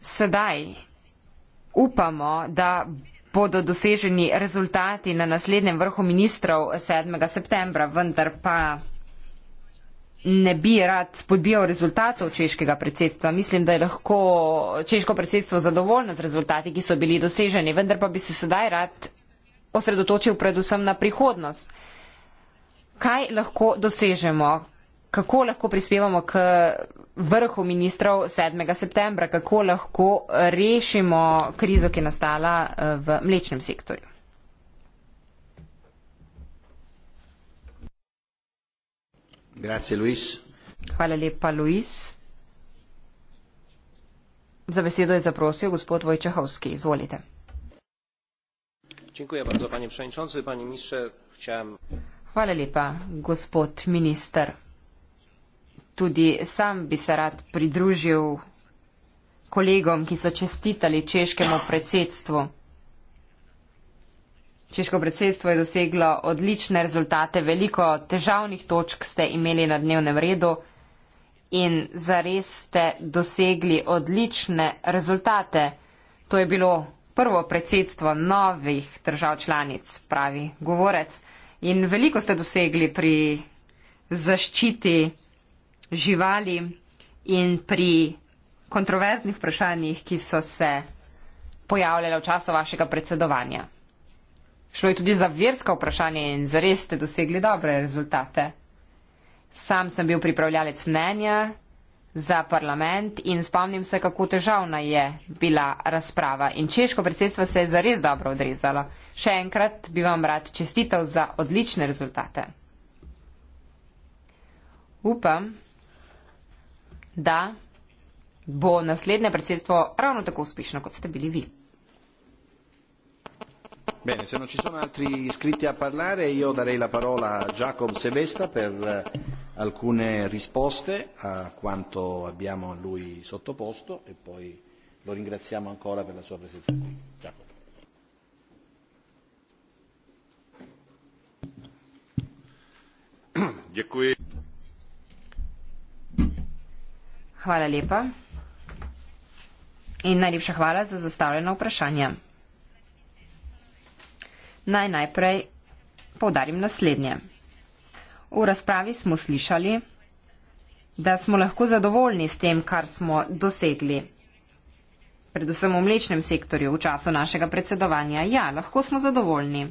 Sedaj upamo, da bodo doseženi rezultati na naslednjem vrhu ministrov 7. septembra, vendar pa ne bi rad spodbijal rezultatov češkega predsedstva. Mislim, da je lahko češko predsedstvo zadovoljno z rezultati, ki so bili doseženi, vendar pa bi se sedaj rad osredotočil predvsem na prihodnost. Kaj lahko dosežemo? Kako lahko prispevamo k vrhu ministrov 7. septembra? Kako lahko rešimo krizo, ki je nastala eh, v mlečnem sektorju? Grazie, Luis. Hvala lepa, Luis. Za besedo je zaprosil gospod Vojčehovski. Izvolite. Bardzo, pani pani ministre, chciałem... Hvala lepa, gospod minister. Tudi sam bi se rad pridružil kolegom, ki so čestitali češkemu predsedstvu. Češko predsedstvo je doseglo odlične rezultate, veliko težavnih točk ste imeli na dnevnem redu in zares ste dosegli odlične rezultate. To je bilo prvo predsedstvo novih držav članic, pravi govorec. In veliko ste dosegli pri zaščiti živali in pri kontroverznih vprašanjih, ki so se pojavljala v času vašega predsedovanja. Šlo je tudi za verska vprašanja in zares ste dosegli dobre rezultate. Sam sem bil pripravljalec mnenja za parlament in spomnim se, kako težavna je bila razprava. In češko predsedstvo se je zares dobro odrezalo. Še enkrat bi vam rad čestitev za odlične rezultate. Upam, da bo naslednje predsedstvo ravno tako uspešno, kot ste bili vi. Bene, se non ci sono altri iscritti a parlare io darei la parola a Giacom Sevesta per eh, alcune risposte a quanto abbiamo a lui sottoposto e poi lo ringraziamo ancora per la sua presenza qui. Giacomo. Hvala lepa in najlepša hvala za zastavljeno vprašanje naj najprej povdarim naslednje. V razpravi smo slišali, da smo lahko zadovoljni s tem, kar smo dosegli, predvsem v mlečnem sektorju v času našega predsedovanja. Ja, lahko smo zadovoljni.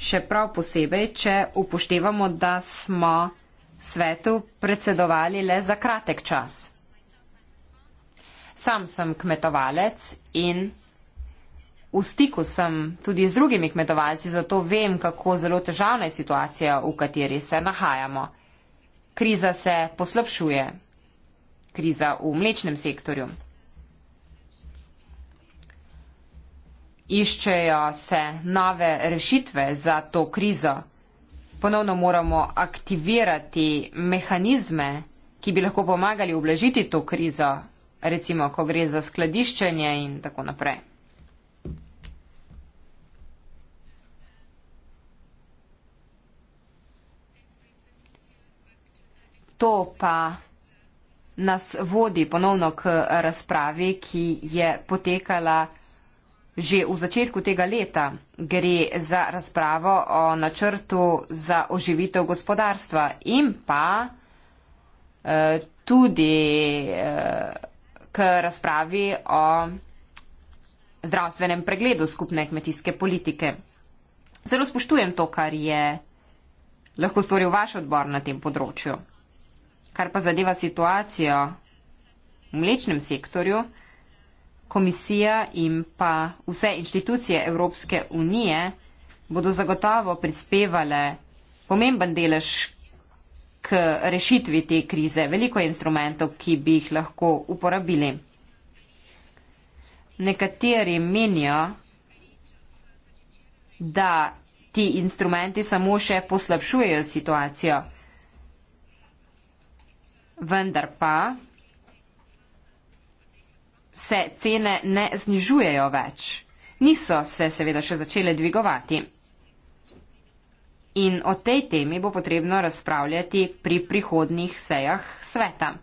Še prav posebej, če upoštevamo, da smo svetu predsedovali le za kratek čas. Sam sem kmetovalec in v stiku sem tudi z drugimi kmetovalci, zato vem, kako zelo težavna je situacija, v kateri se nahajamo. Kriza se poslabšuje. Kriza v mlečnem sektorju. Iščejo se nove rešitve za to krizo. Ponovno moramo aktivirati mehanizme, ki bi lahko pomagali oblažiti to krizo, recimo, ko gre za skladiščenje in tako naprej. to pa nas vodi ponovno k razpravi, ki je potekala že v začetku tega leta. Gre za razpravo o načrtu za oživitev gospodarstva in pa eh, tudi eh, k razpravi o zdravstvenem pregledu skupne kmetijske politike. Zelo spoštujem to, kar je lahko storil vaš odbor na tem področju. Kar pa zadeva situacijo v mlečnem sektorju, komisija in pa vse inštitucije Evropske unije bodo zagotovo prispevale pomemben delež k rešitvi te krize. Veliko je instrumentov, ki bi jih lahko uporabili. Nekateri menijo, da ti instrumenti samo še poslabšujejo situacijo vendar pa se cene ne znižujejo več. Niso se seveda še začele dvigovati. In o tej temi bo potrebno razpravljati pri prihodnih sejah sveta.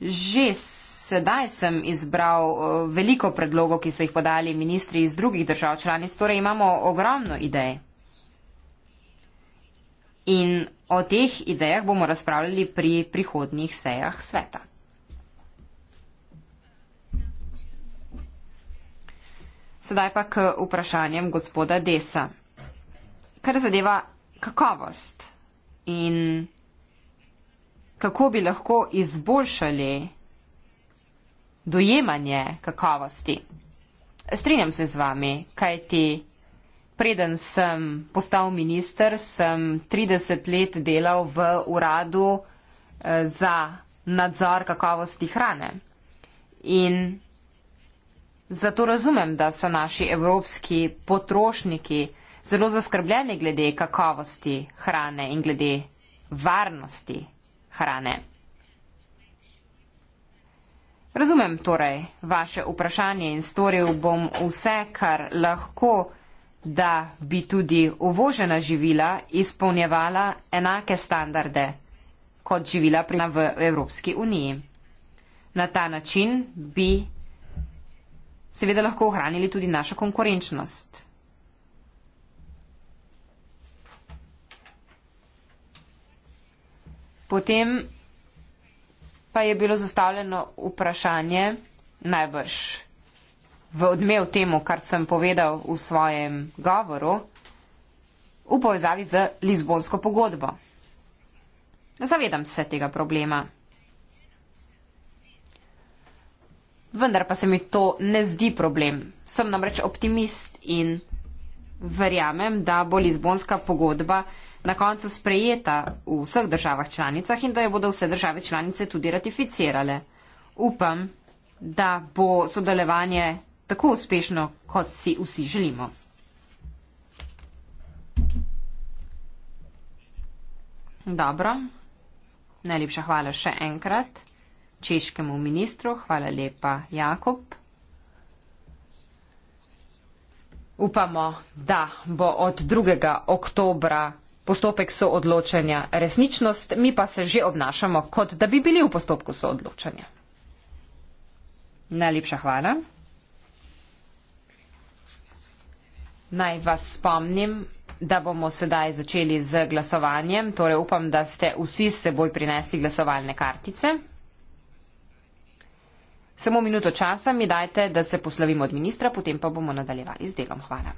Že sedaj sem izbral eh, veliko predlogov, ki so jih podali ministri iz drugih držav članic, torej imamo ogromno idej. In o teh idejah bomo razpravljali pri prihodnih sejah sveta. Sedaj pa k vprašanjem gospoda Desa. Kar zadeva kakovost in kako bi lahko izboljšali dojemanje kakovosti. Strinjam se z vami, kaj ti Preden sem postal minister, sem 30 let delal v uradu eh, za nadzor kakovosti hrane. In zato razumem, da so naši evropski potrošniki zelo zaskrbljeni glede kakovosti hrane in glede varnosti hrane. Razumem torej vaše vprašanje in storil bom vse, kar lahko da bi tudi uvožena živila izpolnjevala enake standarde kot živila prina v Evropski uniji. Na ta način bi seveda lahko ohranili tudi našo konkurenčnost. Potem pa je bilo zastavljeno vprašanje najbrž v odmev temu, kar sem povedal v svojem govoru, v povezavi z Lizbonsko pogodbo. Zavedam se tega problema. Vendar pa se mi to ne zdi problem. Sem namreč optimist in verjamem, da bo Lizbonska pogodba na koncu sprejeta v vseh državah članicah in da jo bodo vse države članice tudi ratificirale. Upam, da bo sodelovanje tako uspešno, kot si vsi želimo. Dobro, najlepša hvala še enkrat češkemu ministru, hvala lepa Jakob. Upamo, da bo od 2. oktobra postopek soodločanja resničnost, mi pa se že obnašamo, kot da bi bili v postopku soodločanja. Najlepša hvala. Naj vas spomnim, da bomo sedaj začeli z glasovanjem, torej upam, da ste vsi s seboj prinesli glasovalne kartice. Samo minuto časa mi dajte, da se poslovim od ministra, potem pa bomo nadaljevali z delom. Hvala.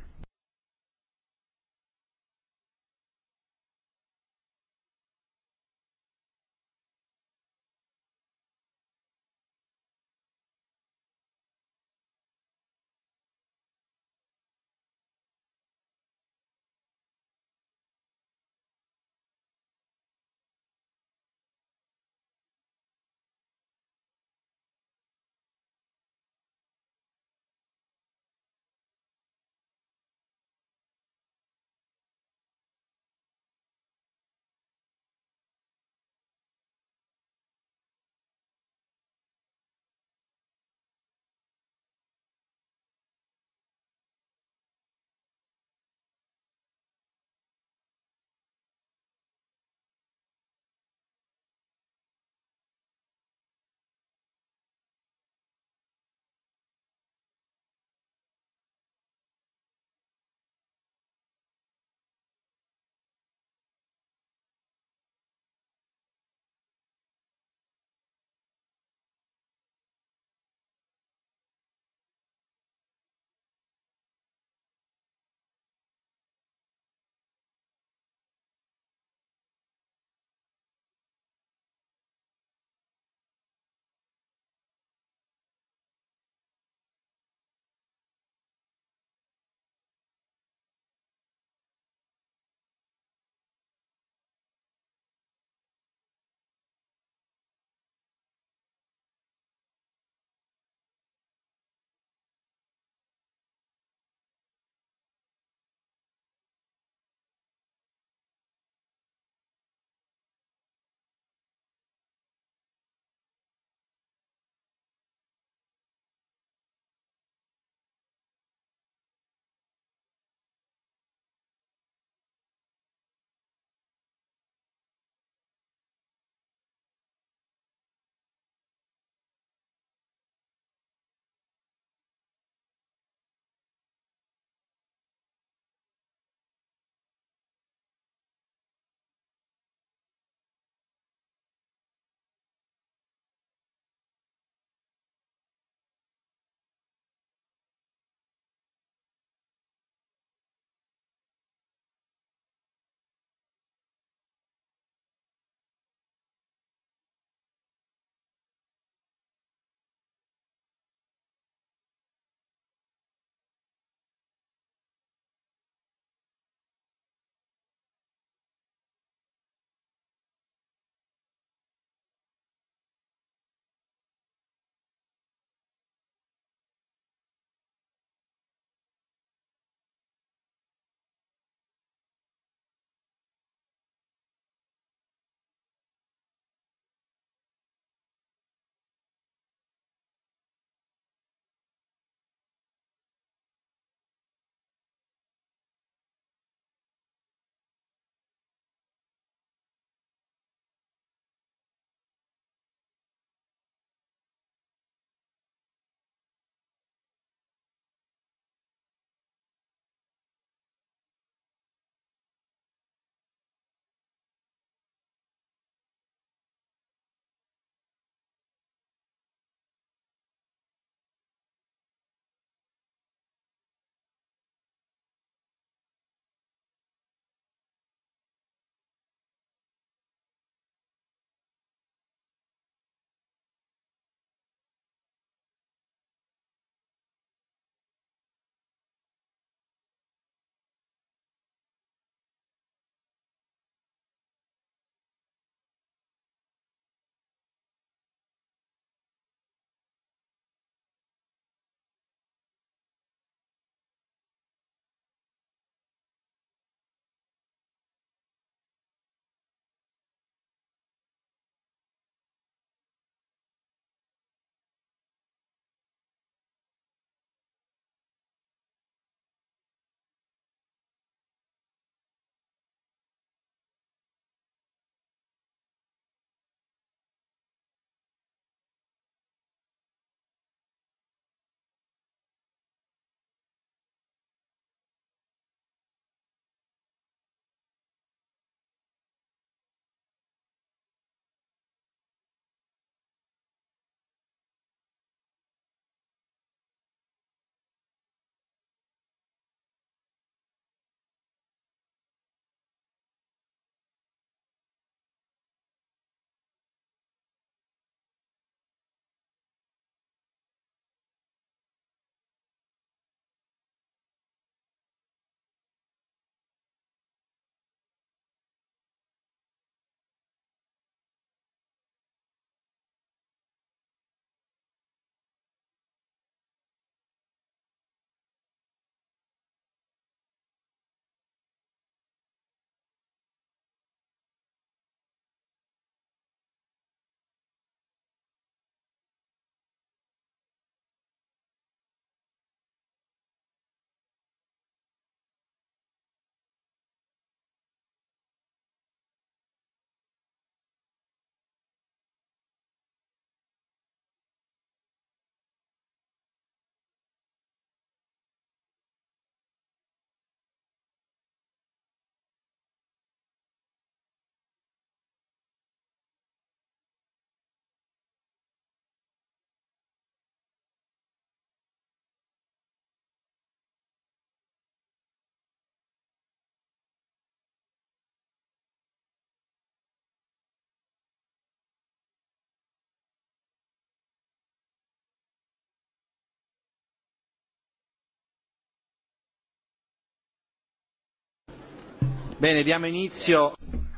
Bene, diamo inizio.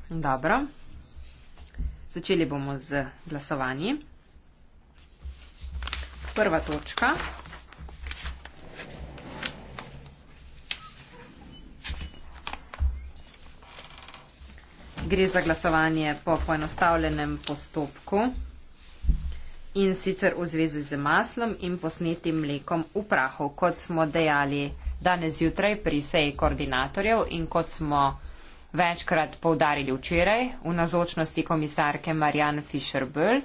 Dobro. Začeli bomo z glasovanji. Prva točka. Gre za glasovanje po poenostavljenem postopku in sicer v zvezi z maslom in posnetim mlekom v prahu, kot smo dejali danes zjutraj pri seji koordinatorjev in kot smo večkrat poudarili včeraj v nazočnosti komisarke Marjan Fischer-Böll,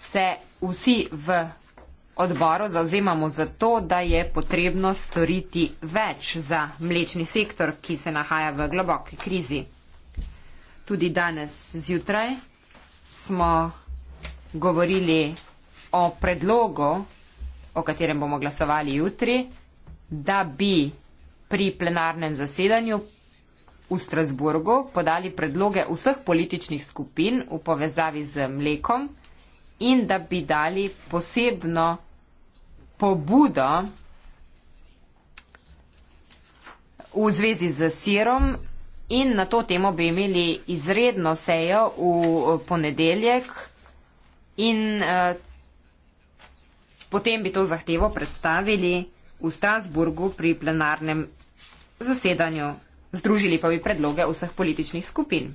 se vsi v odboru zauzemamo za to, da je potrebno storiti več za mlečni sektor, ki se nahaja v globoki krizi. Tudi danes zjutraj smo govorili o predlogu o katerem bomo glasovali jutri, da bi pri plenarnem zasedanju v Strasburgu podali predloge vseh političnih skupin v povezavi z mlekom in da bi dali posebno pobudo v zvezi z sirom in na to temo bi imeli izredno sejo v ponedeljek in uh, Potem bi to zahtevo predstavili v Strasburgu pri plenarnem zasedanju, združili pa bi predloge vseh političnih skupin.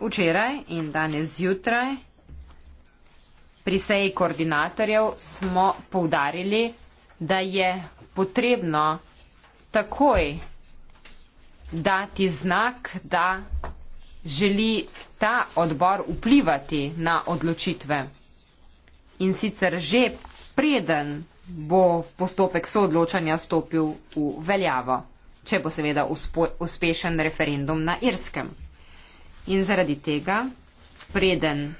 Včeraj in danes zjutraj pri seji koordinatorjev smo poudarili, da je potrebno takoj dati znak, da želi ta odbor vplivati na odločitve. In sicer že preden bo postopek soodločanja stopil v veljavo, če bo seveda uspešen referendum na Irskem. In zaradi tega, preden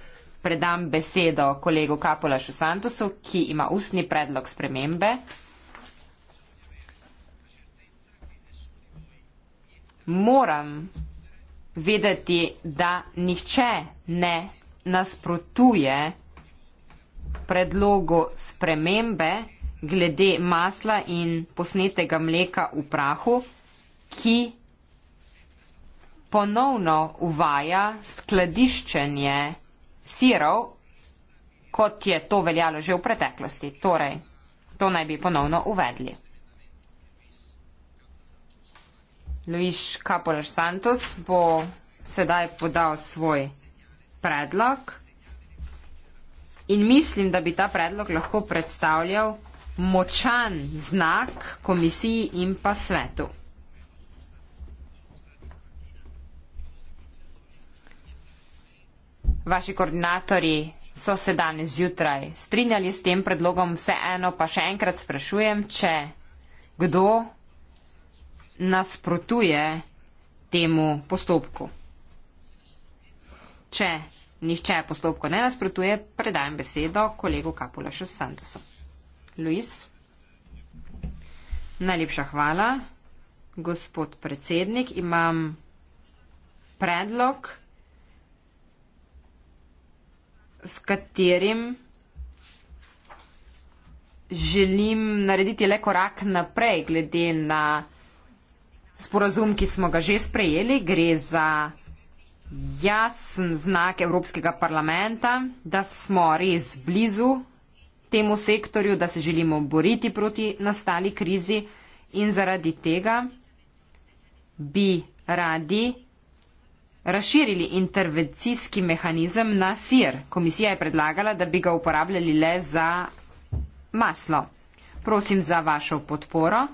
predam besedo kolegu Kapola Šusantosu, ki ima ustni predlog spremembe, moram vedeti, da nihče ne nasprotuje predlogu spremembe glede masla in posnetega mleka v prahu, ki ponovno uvaja skladiščenje sirov, kot je to veljalo že v preteklosti. Torej, to naj bi ponovno uvedli. Luis Capolaš Santos bo sedaj podal svoj predlog. In mislim, da bi ta predlog lahko predstavljal močan znak komisiji in pa svetu. Vaši koordinatori so se danes zjutraj strinjali s tem predlogom vseeno, pa še enkrat sprašujem, če kdo nasprotuje temu postopku. Če Nihče postopko ne nasprotuje, predajem besedo kolegu Kapulašu Santosu. Luis, najlepša hvala. Gospod predsednik, imam predlog, s katerim želim narediti le korak naprej glede na sporazum, ki smo ga že sprejeli. Gre za jasen znak Evropskega parlamenta, da smo res blizu temu sektorju, da se želimo boriti proti nastali krizi in zaradi tega bi radi razširili intervencijski mehanizem na sir. Komisija je predlagala, da bi ga uporabljali le za maslo. Prosim za vašo podporo.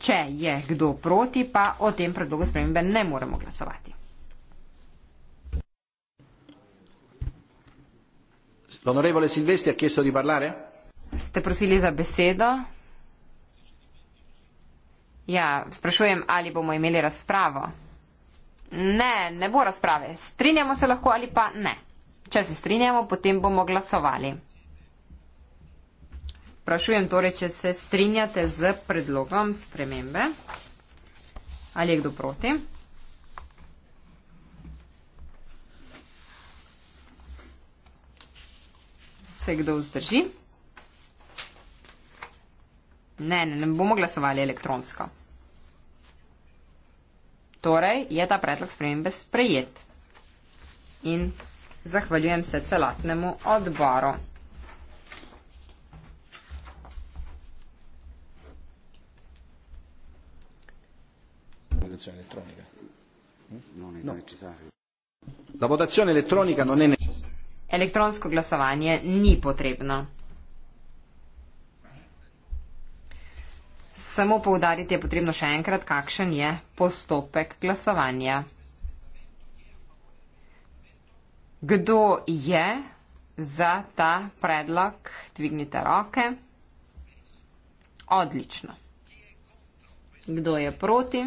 Če je kdo proti, pa o tem predlogu spremembe ne moremo glasovati. L'onorevole Silvestri ha chiesto di parlare? Ste prosili za besedo? Ja, sprašujem, ali bomo imeli razpravo. Ne, ne bo razprave. Strinjamo se lahko ali pa ne. Če se strinjamo, potem bomo glasovali. Sprašujem torej, če se strinjate z predlogom spremembe. Ali je kdo proti? se kdo vzdrži. Ne, ne, ne bomo glasovali elektronsko. Torej je ta predlog spremembe sprejet. In zahvaljujem se celatnemu odboru. Hm? No. La votazione elettronica non è necessaria. Elektronsko glasovanje ni potrebno. Samo poudariti je potrebno še enkrat, kakšen je postopek glasovanja. Kdo je za ta predlog? Dvignite roke. Odlično. Kdo je proti?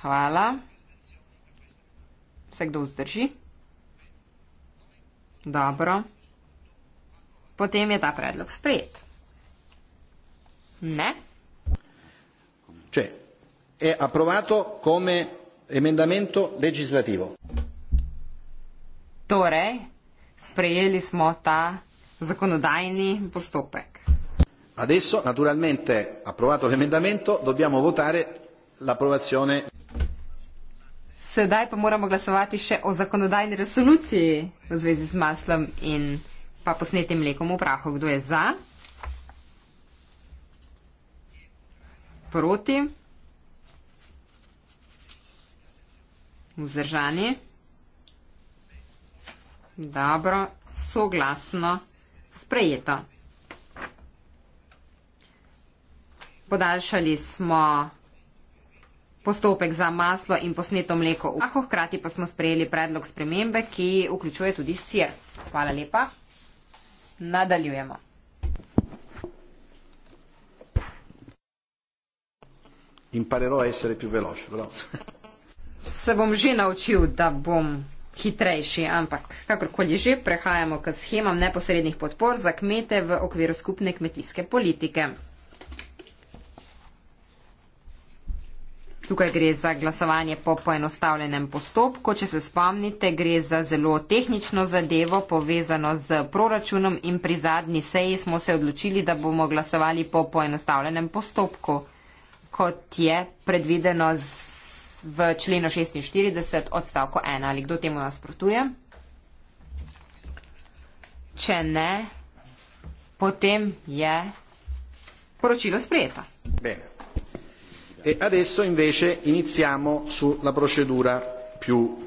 Hvala. Se kdo vzdrži? Dobro. Potem je ta predlog sprejet. Ne? Če je aprovato come emendamento legislativo. Torej, sprejeli smo ta zakonodajni postopek. Adesso, naturalmente, approvato l'emendamento, dobbiamo votare l'approvazione. Sedaj pa moramo glasovati še o zakonodajni resoluciji v zvezi z maslom in pa posnetim mlekom v prahu. Kdo je za? Proti? Vzdržani? Dobro, soglasno, sprejeto. Podaljšali smo postopek za maslo in posneto mleko v ahu, hkrati pa smo sprejeli predlog spremembe, ki vključuje tudi sir. Hvala lepa. Nadaljujemo. Imparerò essere più veloce, però. Se bom že naučil, da bom hitrejši, ampak kakorkoli že, prehajamo k schemam neposrednih podpor za kmete v okviru skupne kmetijske politike. Tukaj gre za glasovanje po poenostavljenem postopku. Če se spomnite, gre za zelo tehnično zadevo povezano z proračunom in pri zadnji seji smo se odločili, da bomo glasovali po poenostavljenem postopku, kot je predvideno v členu 46 odstavko 1. Ali kdo temu nasprotuje? Če ne, potem je poročilo sprejeto. Bene e adesso invece iniziamo sulla procedura più.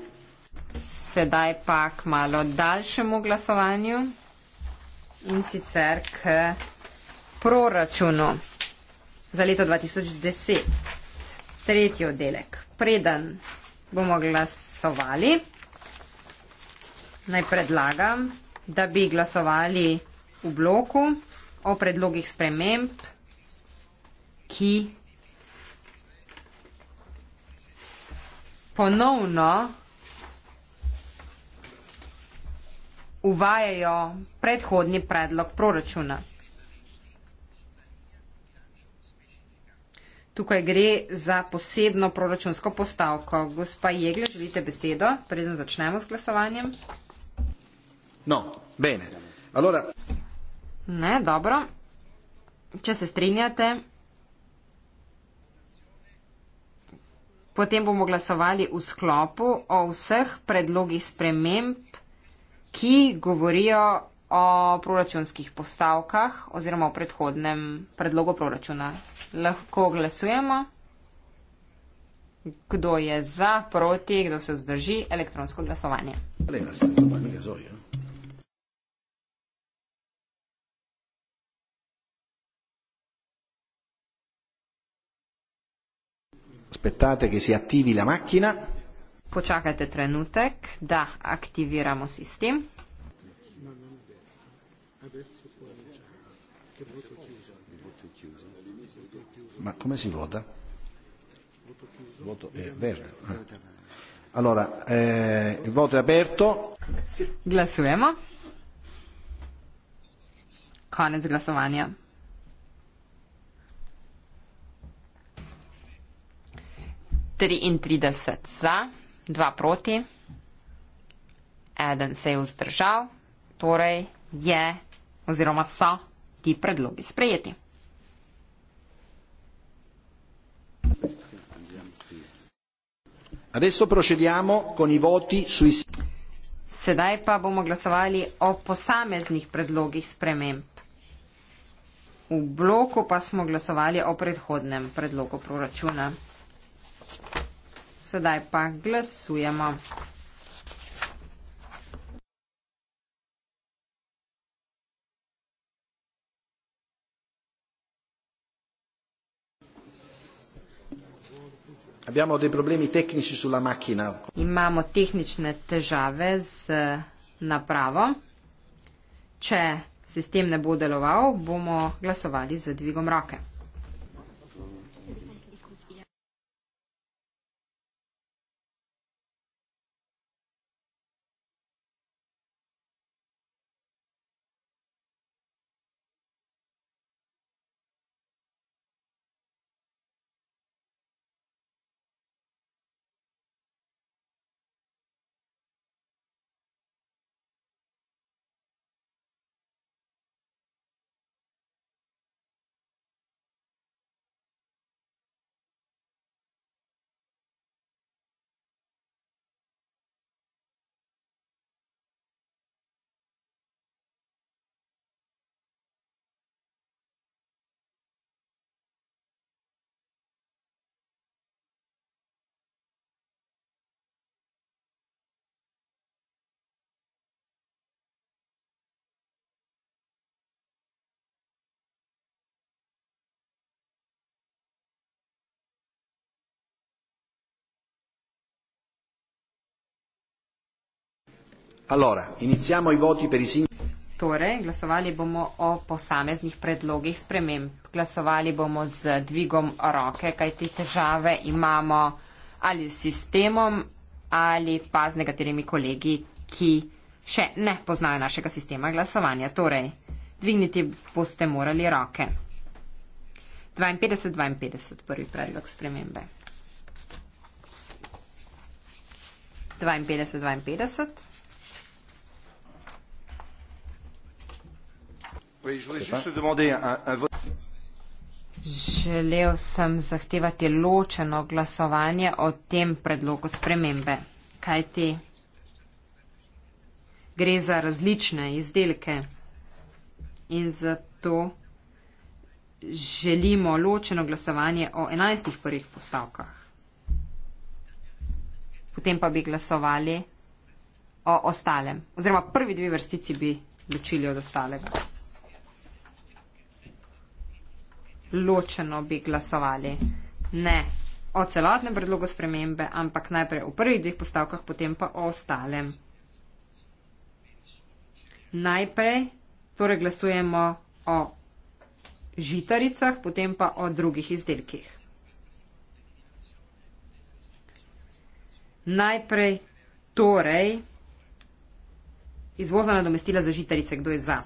Sedaj pa k malo daljšemu glasovanju in sicer k proračunu za leto 2010. Tretji oddelek. Preden bomo glasovali, naj predlagam, da bi glasovali v bloku o predlogih sprememb, ki ponovno uvajajo predhodni predlog proračuna. Tukaj gre za posebno proračunsko postavko. Gospa Jegle, želite besedo, preden začnemo s glasovanjem? No, bene. Allora... Ne, dobro. Če se strinjate, Potem bomo glasovali v sklopu o vseh predlogih sprememb, ki govorijo o proračunskih postavkah oziroma o predhodnem predlogu proračuna. Lahko glasujemo. Kdo je za, proti, kdo se vzdrži elektronsko glasovanje? Lena, stavljamo, Aspettate che si attivi la macchina. Počakajte trenutek, da aktiviramo sistem. Ma come si vota? Voto è eh, verde. Ah. Allora, eh, il voto è aperto. Glasujemo. Konec glasovanja. 33 za, 2 proti, eden se je vzdržal, torej je oziroma so ti predlogi sprejeti. Sedaj pa bomo glasovali o posameznih predlogih sprememb. V bloku pa smo glasovali o predhodnem predlogu proračuna. Sedaj pa glasujemo. Abbiamo dei problemi tecnici sulla macchina. Imamo tehnične težave z napravo. Če sistem ne bo deloval, bomo glasovali z dvigom roke. Allora, iniziamo i voti per i singoli. Torej, glasovali bomo o posameznih predlogih sprememb. Glasovali bomo z dvigom roke, kaj te težave imamo ali s sistemom ali pa z nekaterimi kolegi, ki še ne poznajo našega sistema glasovanja. Torej, dvigniti boste morali roke. 52-52, prvi predlog spremembe. 52-52. Oui, je voulais juste demander un, un vote. Želel sem zahtevati ločeno glasovanje o tem predlogu spremembe, kajti gre za različne izdelke in zato želimo ločeno glasovanje o enajstih prvih postavkah. Potem pa bi glasovali o ostalem. Oziroma prvi dve vrstici bi ločili od ostalega. ločeno bi glasovali. Ne o celotnem predlogu spremembe, ampak najprej o prvih dveh postavkah, potem pa o ostalem. Najprej torej glasujemo o žitaricah, potem pa o drugih izdelkih. Najprej torej izvozna nadomestila za žitarice, kdo je za.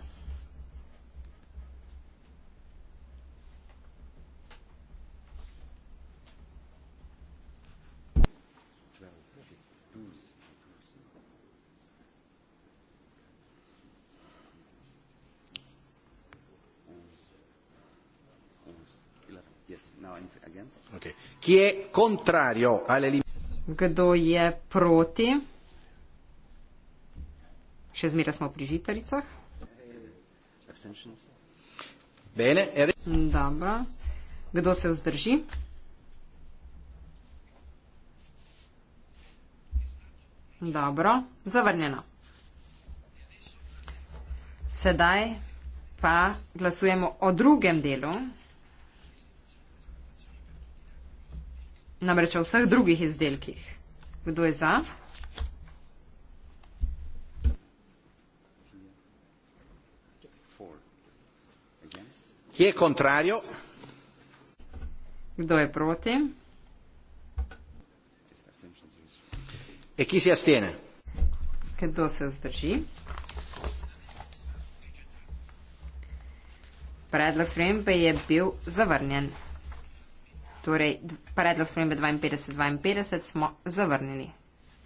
Okay. Je ale... Kdo je proti? Še zmeraj smo pri žitaricah. Bene, e Dobro. Kdo se vzdrži? Dobro, zavrnjeno. Sedaj pa glasujemo o drugem delu namreč o vseh drugih izdelkih. Kdo je za? Kdo je proti? E chi si astiene? Che dose sdrži? Predlog spremembe je bil zavrnjen torej predlog spremembe 52-52 smo zavrnili.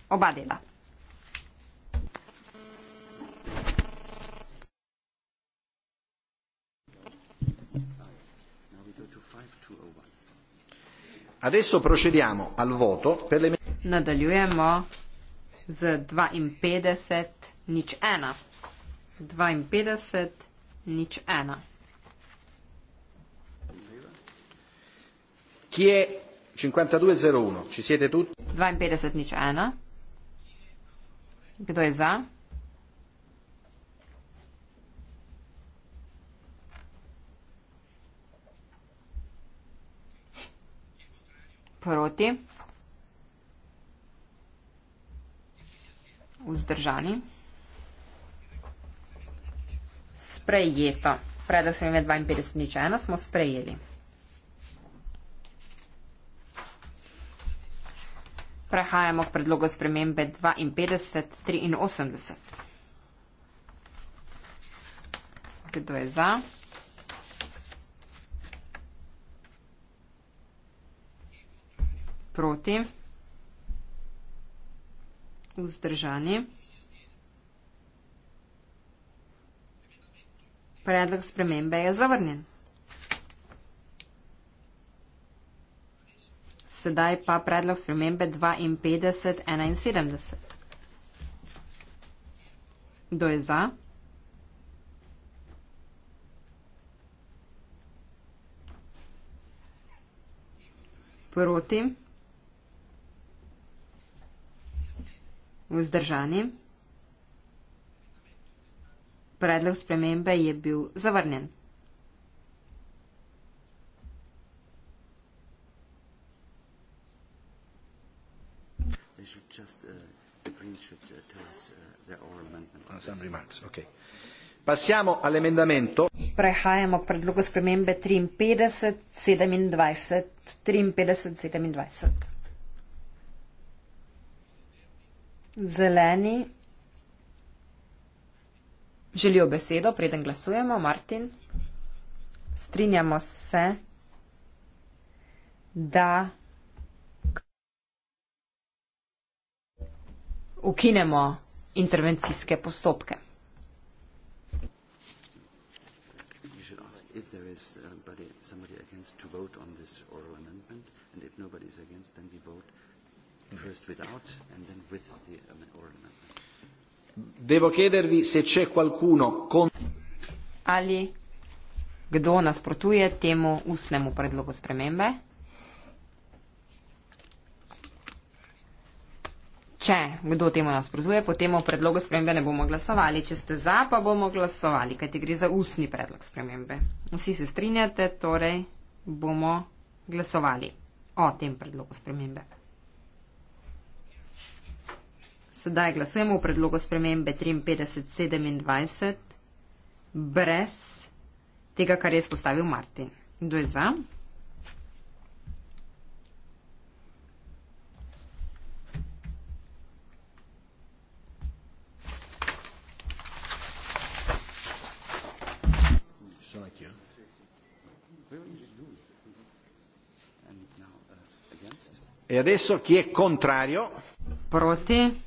Oba dela. Adesso procediamo al voto per le... Nadaljujemo z 52 nič 1. 52 nič 1. Chi è 5201? Ci siete tutti? 5201. Kdo je za? Proti? Vzdržani? Sprejeto. Predlog smo imeli 52.1, smo sprejeli. prehajamo k predlogu spremembe 52-83. Kdo je za? Proti? Vzdržani? Predlog spremembe je zavrnjen. Sedaj pa predlog spremembe 52.71. Kdo je za? Proti? Vzdržani? Predlog spremembe je bil zavrnjen. just uh, the green should uh, tell us uh, their oral amendment. Uh, some remarks, okay. Passiamo all'emendamento. Prehajamo k predlogu spremembe 53-27. Zeleni. Želijo besedo, preden glasujemo. Martin. Strinjamo se, da ukinemo intervencijske postopke. Uh, uh, Devo chiedervi se c'è qualcuno con... Ali, kdo nasprotuje temu usnemu predlogu spremembe? če kdo temu nasprotuje, potem o predlogu spremembe ne bomo glasovali. Če ste za, pa bomo glasovali, kaj ti gre za usni predlog spremembe. Vsi se strinjate, torej bomo glasovali o tem predlogu spremembe. Sedaj glasujemo o predlogu spremembe 53-27 brez tega, kar je spostavil Martin. Kdo je za? E adesso chi è contrario? Proti.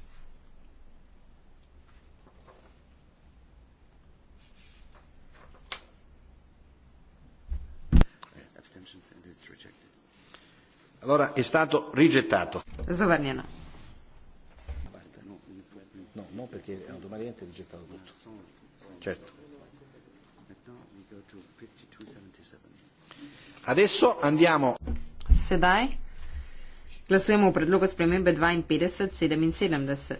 Allora è stato rigettato. Zavarniana. No, no, no, perché domani è rigettato tutto. Certo. Adesso andiamo. Sedai. Glasujemo v predlogu spremembe 52-77.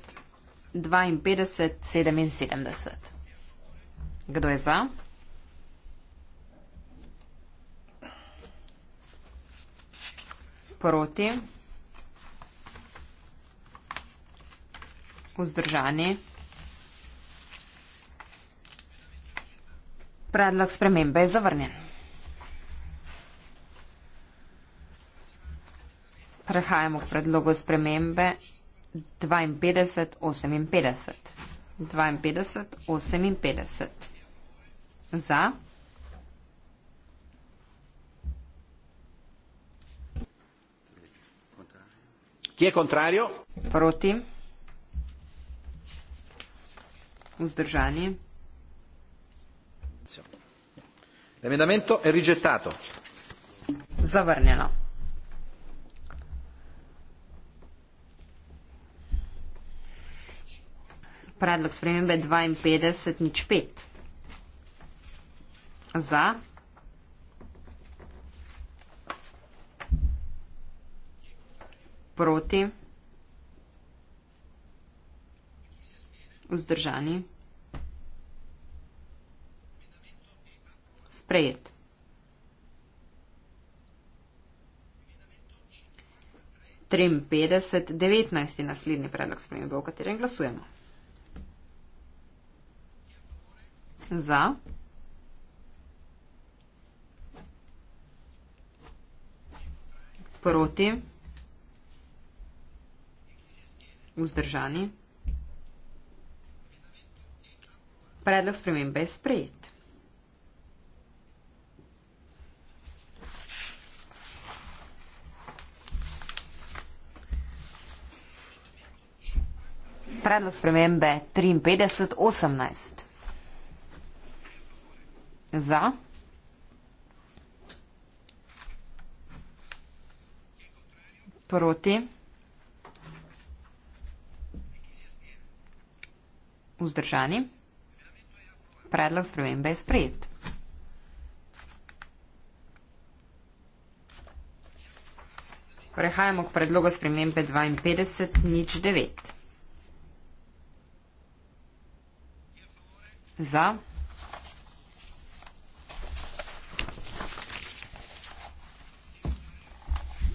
52-77. Kdo je za? Proti? Vzdržani? Predlog spremembe je zavrnjen. Prehajamo k predlogu spremembe 5258. 5258. Za. Ki je kontrarijo? Proti. Vzdržani. L'emendamento è rigettato. Zavarnelo. predlog spremembe 52 nič 5. Za. Proti. Vzdržani. Sprejet. Trim 50, 19 je naslednji predlog spremembe, o katerem glasujemo. za. Proti. Vzdržani. Predlog spremembe je sprejet. Predlog spremembe 53.18 za. Proti. Vzdržani. Predlog spremembe je sprejet. Prehajamo k predlogu spremembe 52 nič 9. Za.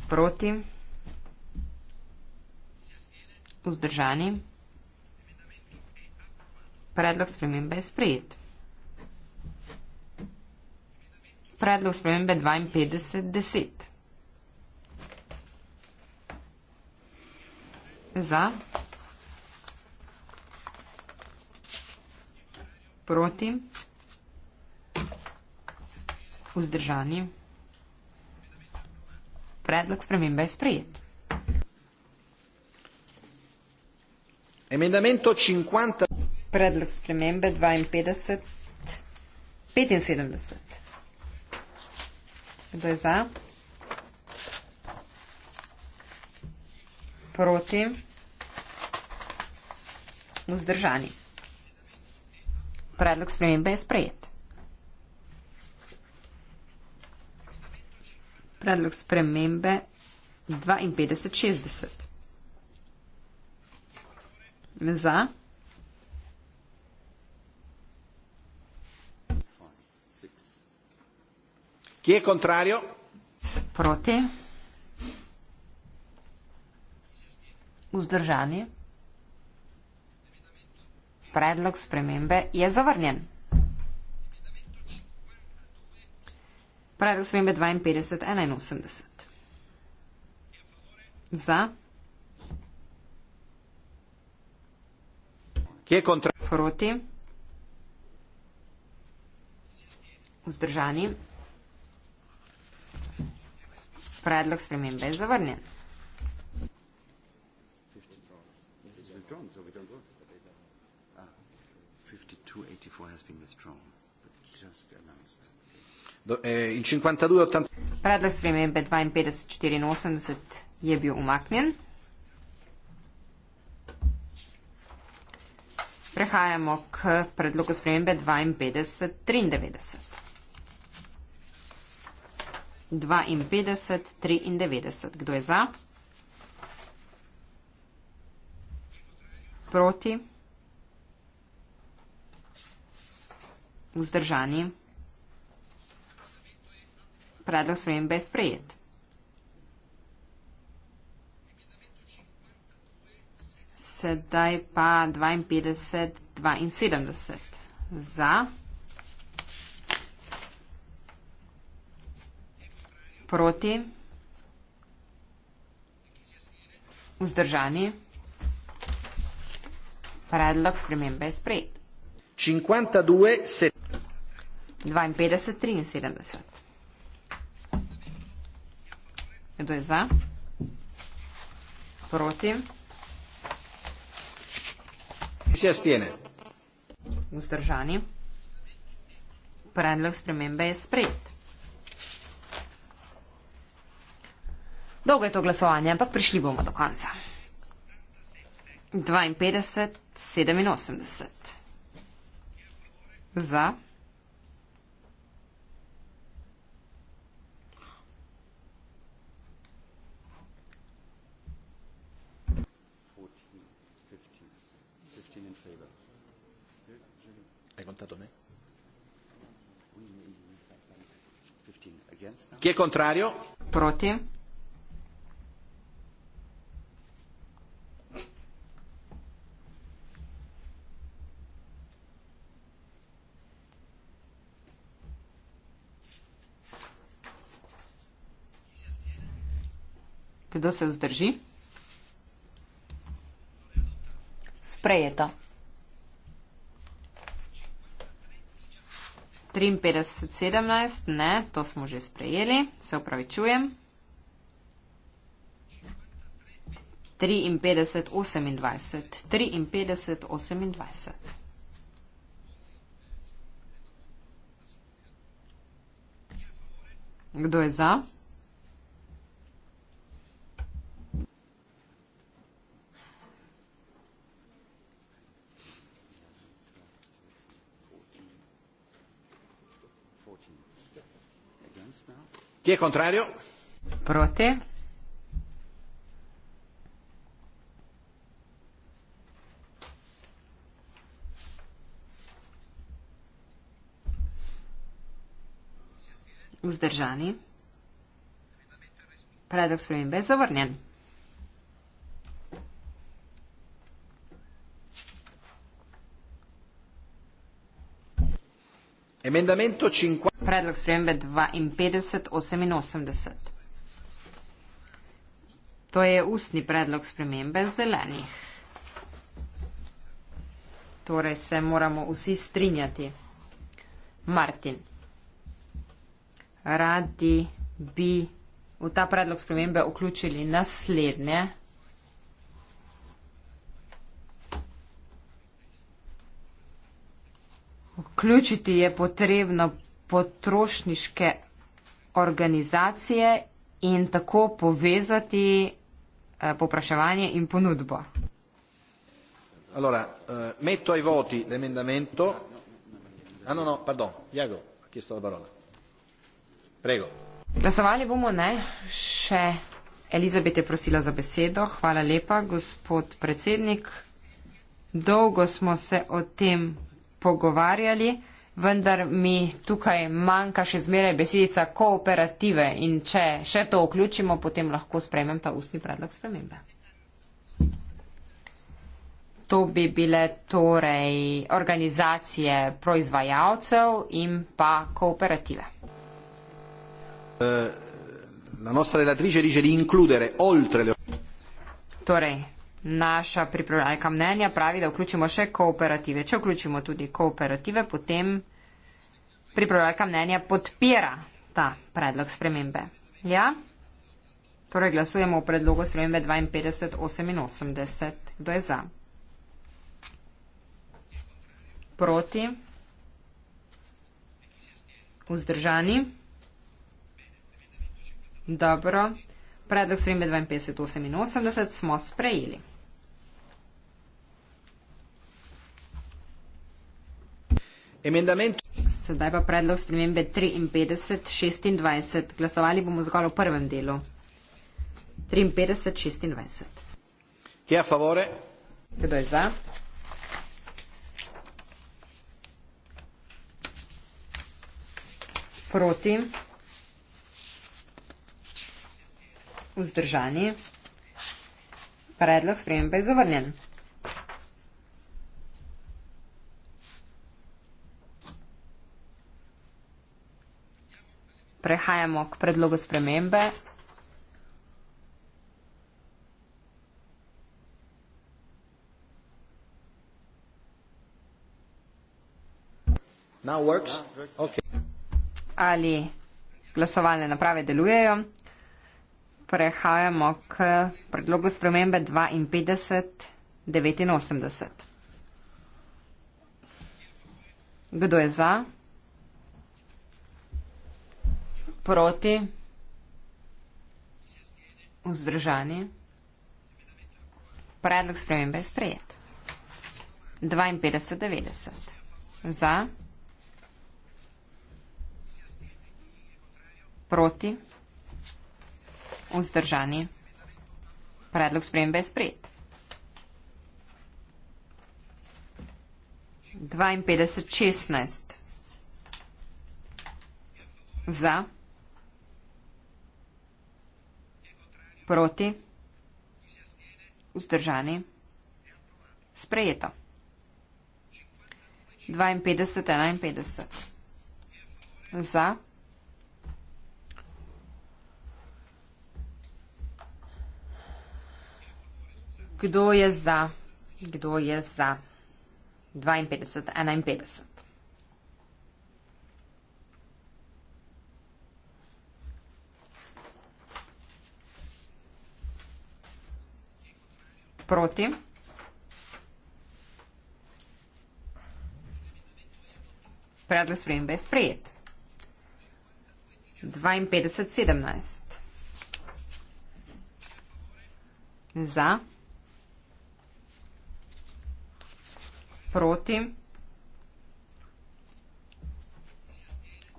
Proti. Vzdržani. Predlog spremembe je sprejet. Predlog spremembe 52.10. Za. Proti. Vzdržani. Predlog spremembe je sprejet. Emendamento 50. Predlog spremembe 52. 75. Kdo je za? Proti? Vzdržani. Predlog spremembe je sprejet. predlog spremembe 5260. Za. Ki je kontrarijo? Proti. Vzdržani. Predlog spremembe je zavrnjen. Predlog spremembe 52.81. Za. Proti. Vzdržani. Predlog spremembe je zavrnjen. Withdrawn, so we don't work. Ah, 5284 has been withdrawn, but just announced. Eh, in 52 od tam. Predlog spremembe 52-84 je bil umaknjen. Prehajamo k predlogu spremembe 52-93. 52, 93. Kdo je za? Proti? Vzdržani? predlog spremembe je sprejet. Sedaj pa 52-72 za. Proti. Vzdržani. Predlog spremembe je sprejet. 52-73. Kdo je za? Proti? Vse stene. Vzdržani. Predlog spremembe je sprejet. Dolgo je to glasovanje, ampak prišli bomo do konca. 52, 87. Za. Ki je contrario? Proti. Kdo se vzdrži? Sprejeto. 53-17, ne, to smo že sprejeli, se upravičujem. 53-28. 53-28. Kdo je za? ki je contrario proti vzdržani predlog spremembe zavrnjen Emendamento 50. Predlog spremembe 52-88. To je ustni predlog spremembe zelenih. Torej se moramo vsi strinjati. Martin, radi bi v ta predlog spremembe vključili naslednje. vključiti je potrebno potrošniške organizacije in tako povezati eh, popraševanje in ponudbo. Allora, uh, metto ai voti l'emendamento. Ah no, no, pardon, Iago ha chiesto la parola. Prego. Glasovali bomo ne, še Elizabet je prosila za besedo. Hvala lepa, gospod predsednik. Dolgo smo se o tem pogovarjali, vendar mi tukaj manjka še zmeraj besedica kooperative in če še to vključimo, potem lahko sprejmem ta ustni predlog spremembe. To bi bile torej organizacije proizvajalcev in pa kooperative. Uh, la nostra relatrice dice di includere oltre le... Torej, naša pripravljalka mnenja pravi, da vključimo še kooperative. Če vključimo tudi kooperative, potem pripravljalka mnenja podpira ta predlog spremembe. Ja? Torej glasujemo v predlogu spremembe 52.88. Kdo je za? Proti? Vzdržani? Dobro. Predlog spremembe 52.88 smo sprejeli. Emendament. Sedaj pa predlog spremembe 53-26. Glasovali bomo zgolj v prvem delu. 53-26. Kje je favore? Kdo je za? Proti? Vzdržani? Predlog spremembe je zavrnjen. prehajamo k predlogu spremembe. Ali glasovalne naprave delujejo? Prehajamo k predlogu spremembe 52.89. Kdo je za? proti, vzdržani. Predlog spremembe je sprejet. 52-90. Za. Proti. Vzdržani. Predlog spremembe je sprejet. 52-16. Za. proti, vzdržani, sprejeto. 52, 51. Za. Kdo je za? Kdo je za? 52, 51. proti. Predlog spremembe je sprejet. 52-17. Za. Proti.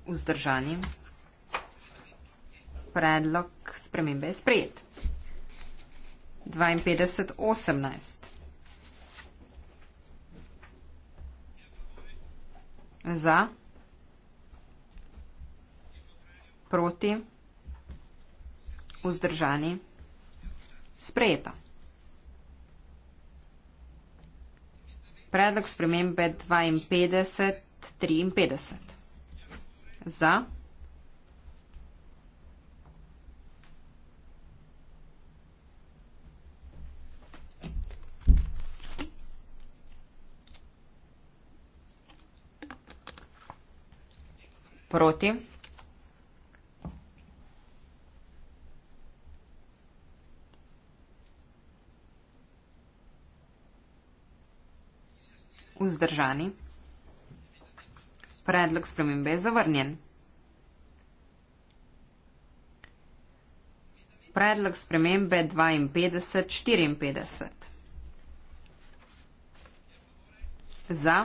Vzdržani. Predlog spremembe je sprejet. 52-18. 52.18. Za. Proti. Vzdržani. Sprejeta. Predlog spremembe 52.53. Za. proti. Vzdržani. Predlog spremembe je zavrnjen. Predlog spremembe 52-54. Za.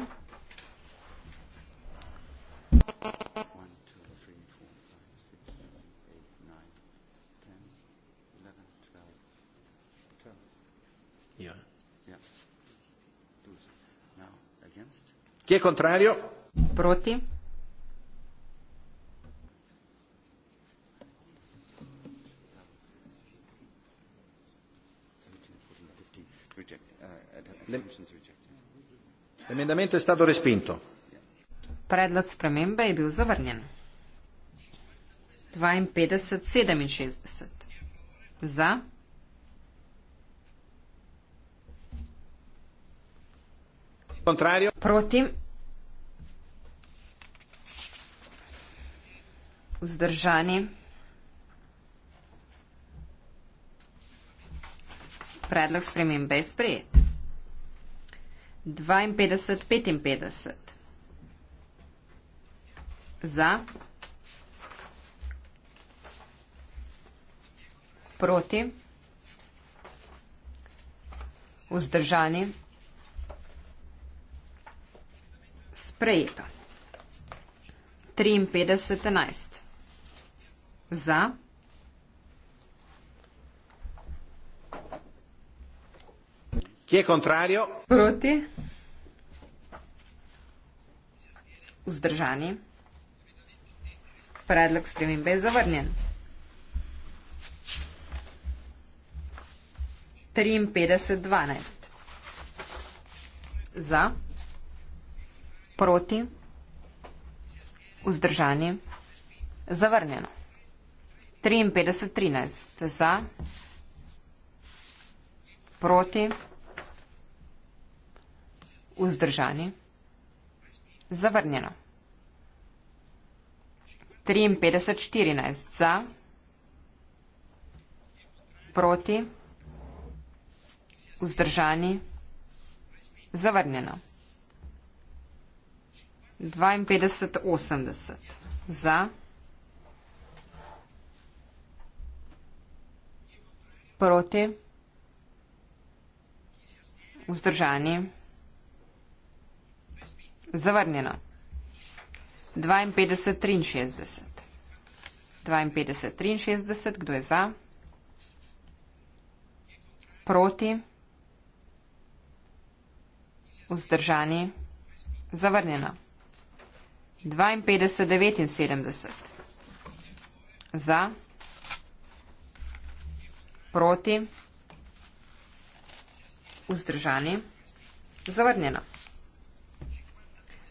je contrario proti l'emendamento è stato respinto predlog spremembe je bil zavrnjen dvainpetdeset sedeminšestdeset za contrario proti vzdržani. Predlog spremembe je sprejet. 52, 55. Za. Proti. Vzdržani. Sprejeto. 53, 11. Za. Ki je kontrarijo? Proti. Vzdržani. Predlog spremembe je zavrnjen. 53.12. Za. Proti. Vzdržani. Zavrnjeno. 53.13. 53-13 za, proti, vzdržani, zavrnjeno. 53-14 za, proti, vzdržani, zavrnjeno. 52-80 za, proti, vzdržani, zavrnjeno. proti, vzdržani, zavrnjeno. 52-63. 52-63, kdo je za? Proti, vzdržani, zavrnjeno. 52-79. Za proti, vzdržani, zavrnjeno.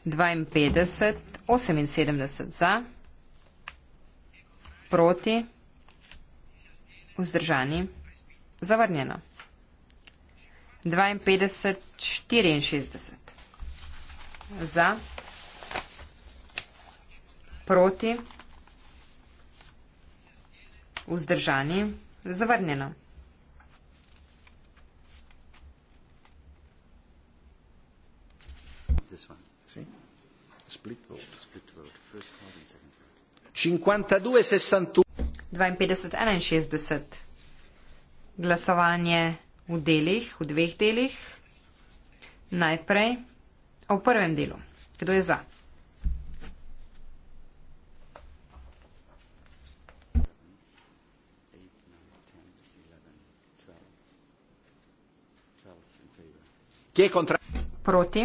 52, 78 za, proti, vzdržani, zavrnjeno. 52, 64 za, proti, vzdržani, zavrnjeno. Zavrnjeno. Split vote, split vote. First card and second card. 52, 62. 61. Glasovanje v delih, v dveh delih. Najprej o prvem delu. Kdo je za? Kje je kontra? Proti.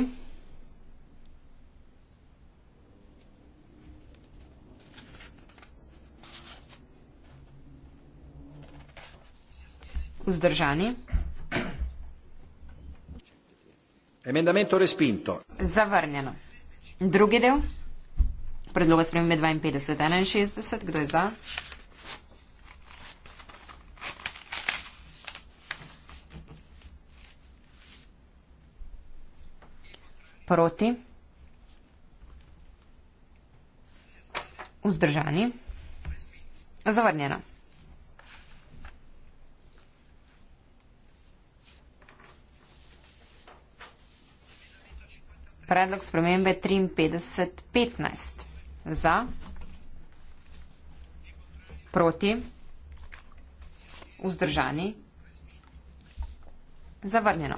Vzdržani. Emendamento respinto. Zavrnjeno. Drugi del. Predloga spremembe 52.61. Kdo je za? proti, vzdržani, zavrnjeno. Predlog spremembe 53.15 za, proti, vzdržani, zavrnjeno.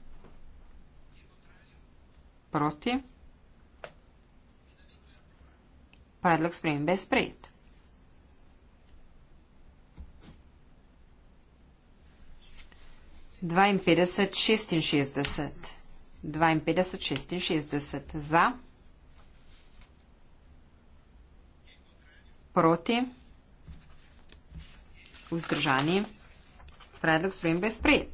proti. Predlog spremembe je sprejet. Dvainpetdeset šestinšestdeset. Dvainpetdeset šestinšestdeset za. Proti. Vzdržani. Predlog spremembe je sprejet.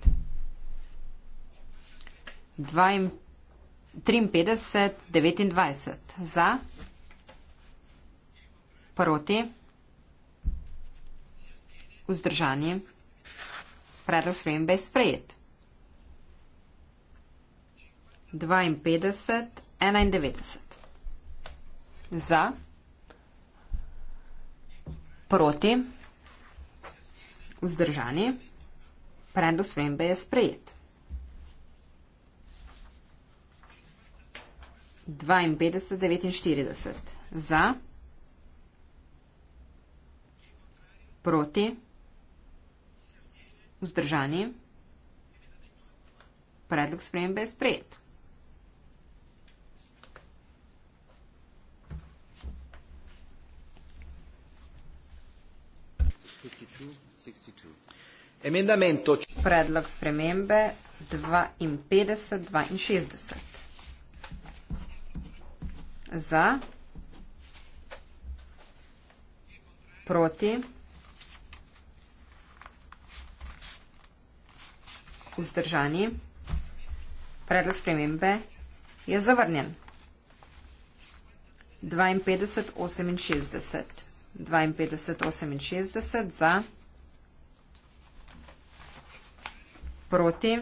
Dvainpetdeset. 53, 29 za, proti, vzdržanje, predlog spremembe je sprejet. 52, 91 za, proti, vzdržanje, predlog spremembe je sprejet. 52-49. Za. Proti. Vzdržani. Predlog spremembe je sprejet. Predlog spremembe 52-62 za, proti, vzdržani. Predlog spremembe je zavrnjen. 52, 68. 52, 68 za, proti,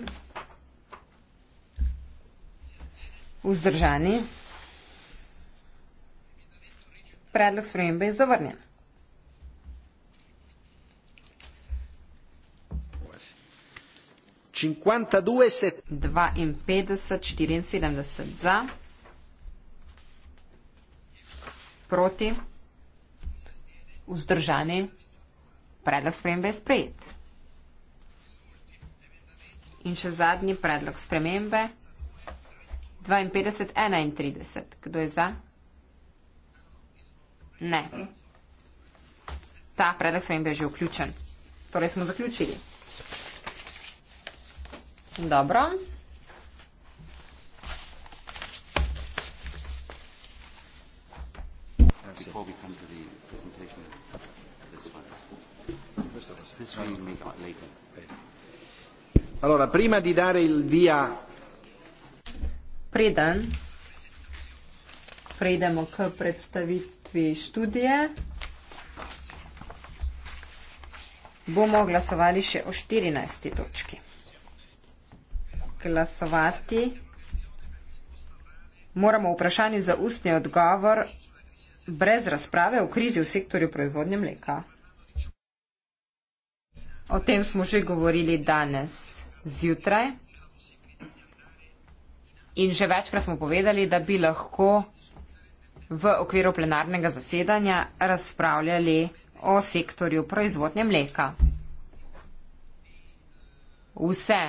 vzdržani. Predlog spremembe je zavrnjen. Dvainpetdeset, za, proti, vzdržani, predlog spremembe je sprejet. In še zadnji predlog spremembe, dvainpetdeset, enaintrideset, kdo je za? Ne. Ta predlog sem jim bil že vključen. Torej smo zaključili. Dobro. Allora, prima di dare il via. Preden. Predemo k predstavitvi vključitvi študije. Bomo glasovali še o 14. točki. Glasovati moramo v vprašanju za ustni odgovor brez razprave o krizi v sektorju proizvodnje mleka. O tem smo že govorili danes zjutraj in že večkrat smo povedali, da bi lahko v okviru plenarnega zasedanja razpravljali o sektorju proizvodnje mleka. Vse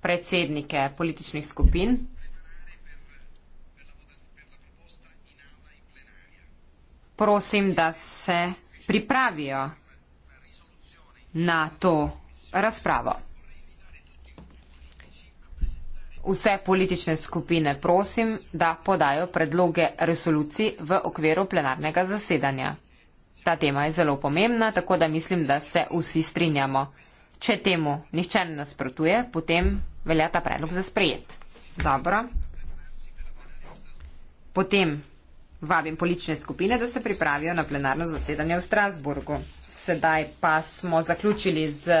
predsednike političnih skupin prosim, da se pripravijo na to razpravo vse politične skupine prosim, da podajo predloge resolucij v okviru plenarnega zasedanja. Ta tema je zelo pomembna, tako da mislim, da se vsi strinjamo. Če temu nihče ne nasprotuje, potem velja ta predlog za sprejet. Dobro. Potem vabim politične skupine, da se pripravijo na plenarno zasedanje v Strasburgu. Sedaj pa smo zaključili z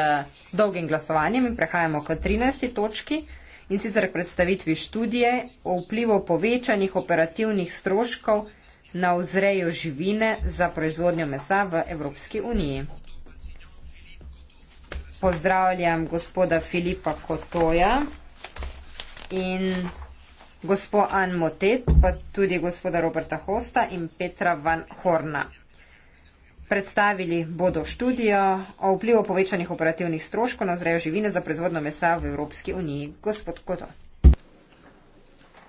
dolgim glasovanjem in prehajamo k 13. točki in sicer predstavitvi študije o vplivu povečanih operativnih stroškov na vzrejo živine za proizvodnjo mesa v Evropski uniji. Pozdravljam gospoda Filipa Kotoja in gospod Ann Motet, pa tudi gospoda Roberta Hosta in Petra Van Horna. Predstavili bodo študijo o vplivu povečanih operativnih stroškov na zrejo živine za proizvodno mesa v Evropski uniji. Gospod Koto.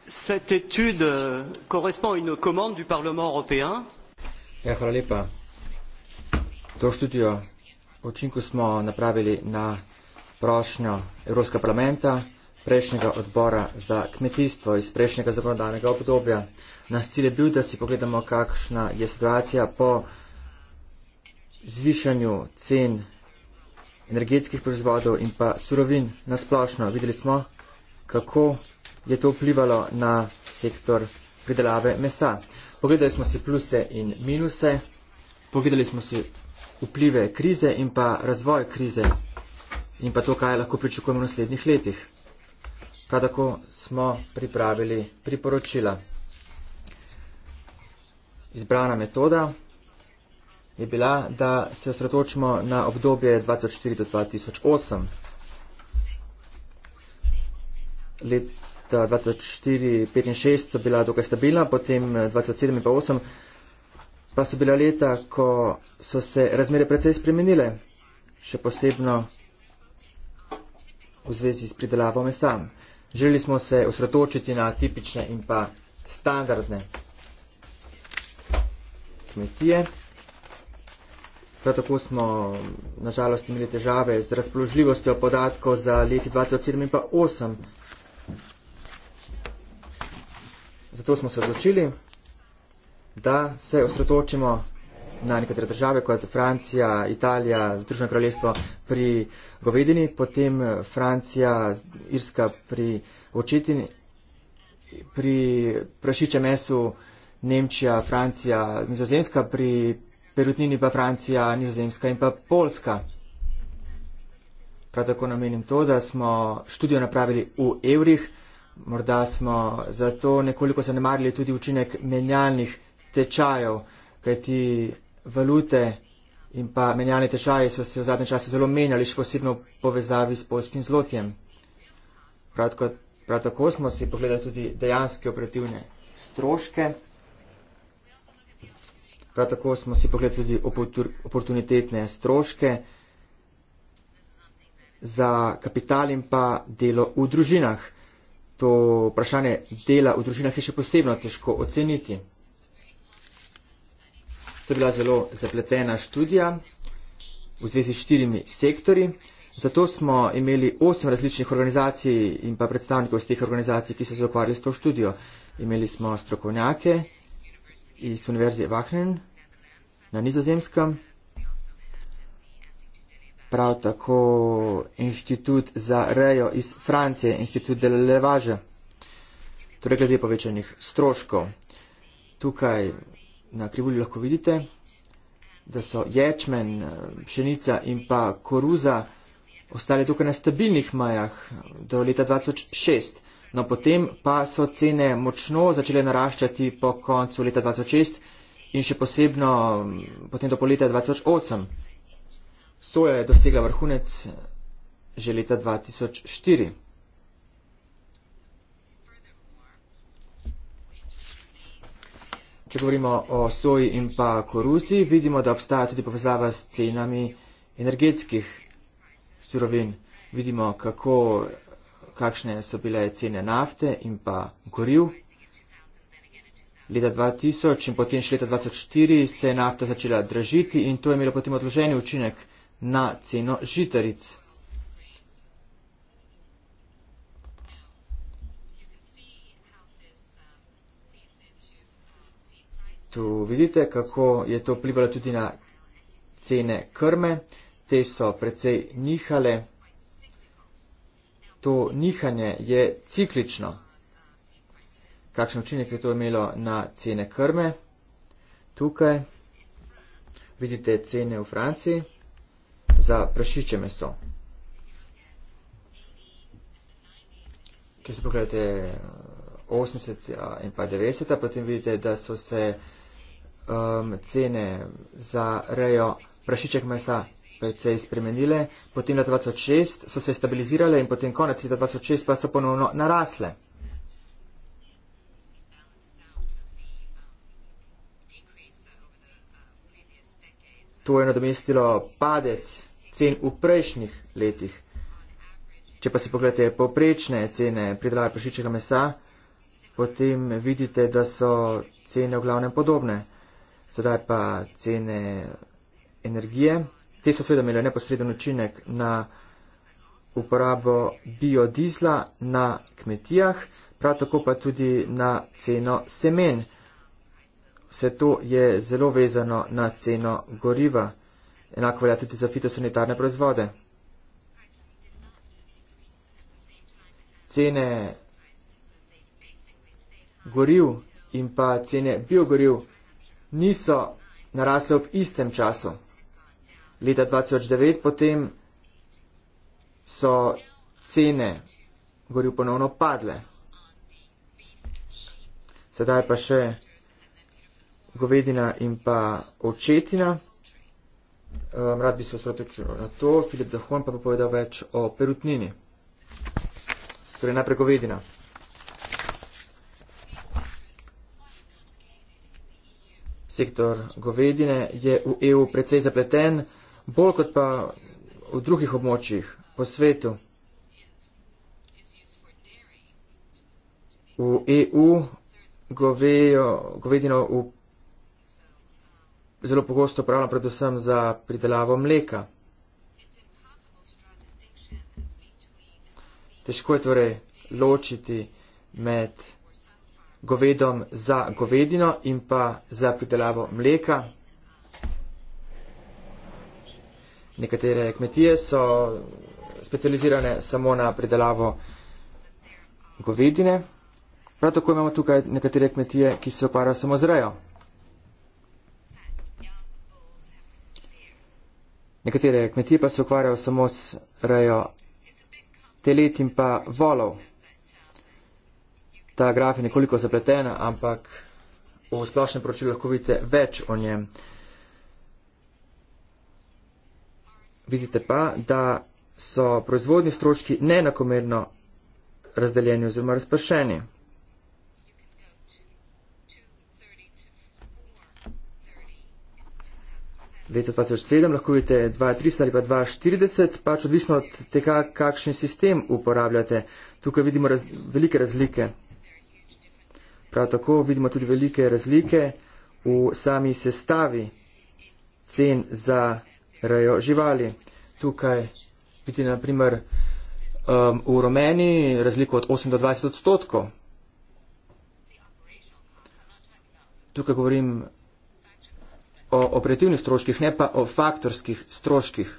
Cette étude correspond à une commande du Parlement européen. Ja, hvala lepa. To študijo očinko smo napravili na prošnjo Evropska parlamenta, prejšnjega odbora za kmetijstvo iz prejšnjega zakonodajnega obdobja. Naš cilj je bil, da si pogledamo, kakšna je situacija po zvišanju cen energetskih proizvodov in pa surovin nasplošno. Videli smo, kako je to vplivalo na sektor pridelave mesa. Pogledali smo si pluse in minuse, pogledali smo si vplive krize in pa razvoj krize in pa to, kaj lahko pričakujemo v naslednjih letih. Prav tako smo pripravili priporočila. Izbrana metoda je bila, da se osredotočimo na obdobje 2004 do 2008. Leta 2004-2006 so bila dokaj stabilna, potem 2007 eh, in 2008 pa so bila leta, ko so se razmere precej spremenile, še posebno v zvezi s pridelavo mesa. Želeli smo se osredotočiti na tipične in pa standardne kmetije. Prav tako smo nažalost imeli težave z razpoložljivostjo podatkov za leti 2007 in pa 2008. Zato smo se odločili, da se osredotočimo na nekatere države kot Francija, Italija, Združeno kraljestvo pri govedini, potem Francija, Irska pri očetini, pri prašičem mesu, Nemčija, Francija, Nizozemska pri perutnini pa Francija, Nizozemska in pa Poljska. Prav tako namenim to, da smo študijo napravili v evrih, morda smo zato nekoliko zanemarili tudi učinek menjalnih tečajev, kajti valute in pa menjalne tečaje so se v zadnjem času zelo menjali, še posebno v povezavi s polskim zlotjem. Prav tako, prav tako smo si pogledali tudi dejanske operativne stroške. Prav tako smo si pogledali tudi oportunitetne stroške za kapital in pa delo v družinah. To vprašanje dela v družinah je še posebno težko oceniti. To je bila zelo zapletena študija v zvezi s štirimi sektori. Zato smo imeli osem različnih organizacij in pa predstavnikov z teh organizacij, ki so se ukvarjali s to študijo. Imeli smo strokovnjake, iz Univerze Wachnen na nizozemskem, prav tako inštitut za rejo iz Francije, inštitut de levaže, torej glede povečanih stroškov. Tukaj na krivulji lahko vidite, da so ječmen, pšenica in pa koruza ostali tukaj na stabilnih majah do leta 2006. No, potem pa so cene močno začele naraščati po koncu leta 2006 in še posebno mm, potem do poletja 2008. Soja je dosegla vrhunec že leta 2004. Če govorimo o soji in pa koruzi, vidimo, da obstaja tudi povezava s cenami energetskih surovin. Vidimo, kako kakšne so bile cene nafte in pa goriv. Leta 2000 in potem še leta 2004 se je nafta začela dražiti in to je imelo potem odloženi učinek na ceno žitaric. Tu vidite, kako je to vplivalo tudi na cene krme. Te so precej nihale. To nihanje je ciklično. Kakšen učinek je to imelo na cene krme? Tukaj vidite cene v Franciji za prašiče meso. Če se pogledate 80 eh, ja, in pa 90, potem vidite, da so se um, cene za rejo prašiček mesa precej spremenile, potem leta 2006 so se stabilizirale in potem konec leta 2006 pa so ponovno narasle. To je nadomestilo padec cen v prejšnjih letih. Če pa si pogledate poprečne cene pridelave prašičega mesa, potem vidite, da so cene v glavnem podobne. Sedaj pa cene energije. Te so seveda imele neposreden učinek na uporabo biodizla na kmetijah, prav tako pa tudi na ceno semen. Vse to je zelo vezano na ceno goriva. Enako velja tudi za fitosanitarne proizvode. Cene goriv in pa cene biogoriv niso narasle ob istem času leta 2009 potem so cene goril ponovno padle. Sedaj pa še govedina in pa očetina. Um, ehm, rad bi se osredotočil na to. Filip Dahon pa bo povedal več o perutnini. Torej najprej govedina. Sektor govedine je v EU precej zapleten bolj kot pa v drugih območjih po svetu. V EU govejo, govedino v, zelo pogosto pravno predvsem za pridelavo mleka. Težko je torej ločiti med govedom za govedino in pa za pridelavo mleka, Nekatere kmetije so specializirane samo na predelavo govedine. Prav tako imamo tukaj nekatere kmetije, ki se oparajo samo z rejo. Nekatere kmetije pa se ukvarjajo samo s rejo telet in pa volov. Ta graf je nekoliko zapletena, ampak v splošnem poročilu lahko vidite več o njem. vidite pa, da so proizvodni stroški nenakomerno razdeljeni oziroma razpršeni. Leto 2007 lahko vidite 2.300 ali pa 2.40, pač odvisno od tega, kakšen sistem uporabljate. Tukaj vidimo raz, velike razlike. Prav tako vidimo tudi velike razlike v sami sestavi cen za rejo živali. Tukaj vidi naprimer um, v Romeniji razliko od 8 do 20 odstotkov. Tukaj govorim o operativnih stroških, ne pa o faktorskih stroških.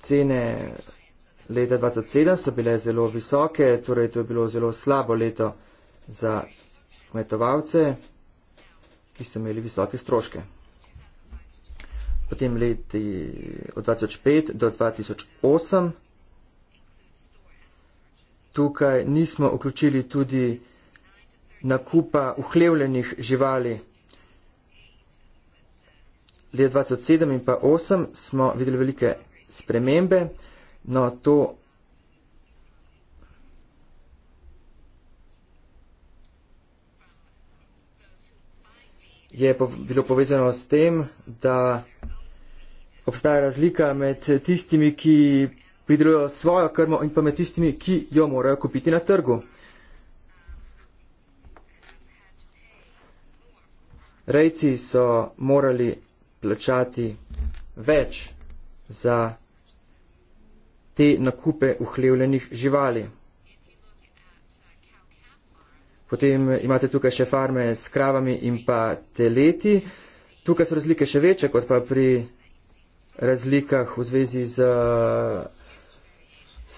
Cene leta 2007 so bile zelo visoke, torej to je bilo zelo slabo leto za kmetovalce ki so imeli visoke stroške. Potem leti od 2005 do 2008 tukaj nismo vključili tudi nakupa uhlevljenih živali. Leta 2007 in pa 2008 smo videli velike spremembe, no to je bilo povezano s tem, da obstaja razlika med tistimi, ki pridelujejo svojo krmo in pa med tistimi, ki jo morajo kupiti na trgu. Rejci so morali plačati več za te nakupe uhlevljenih živali. Potem imate tukaj še farme s kravami in pa teleti. Tukaj so razlike še večje, kot pa pri razlikah v zvezi z eh,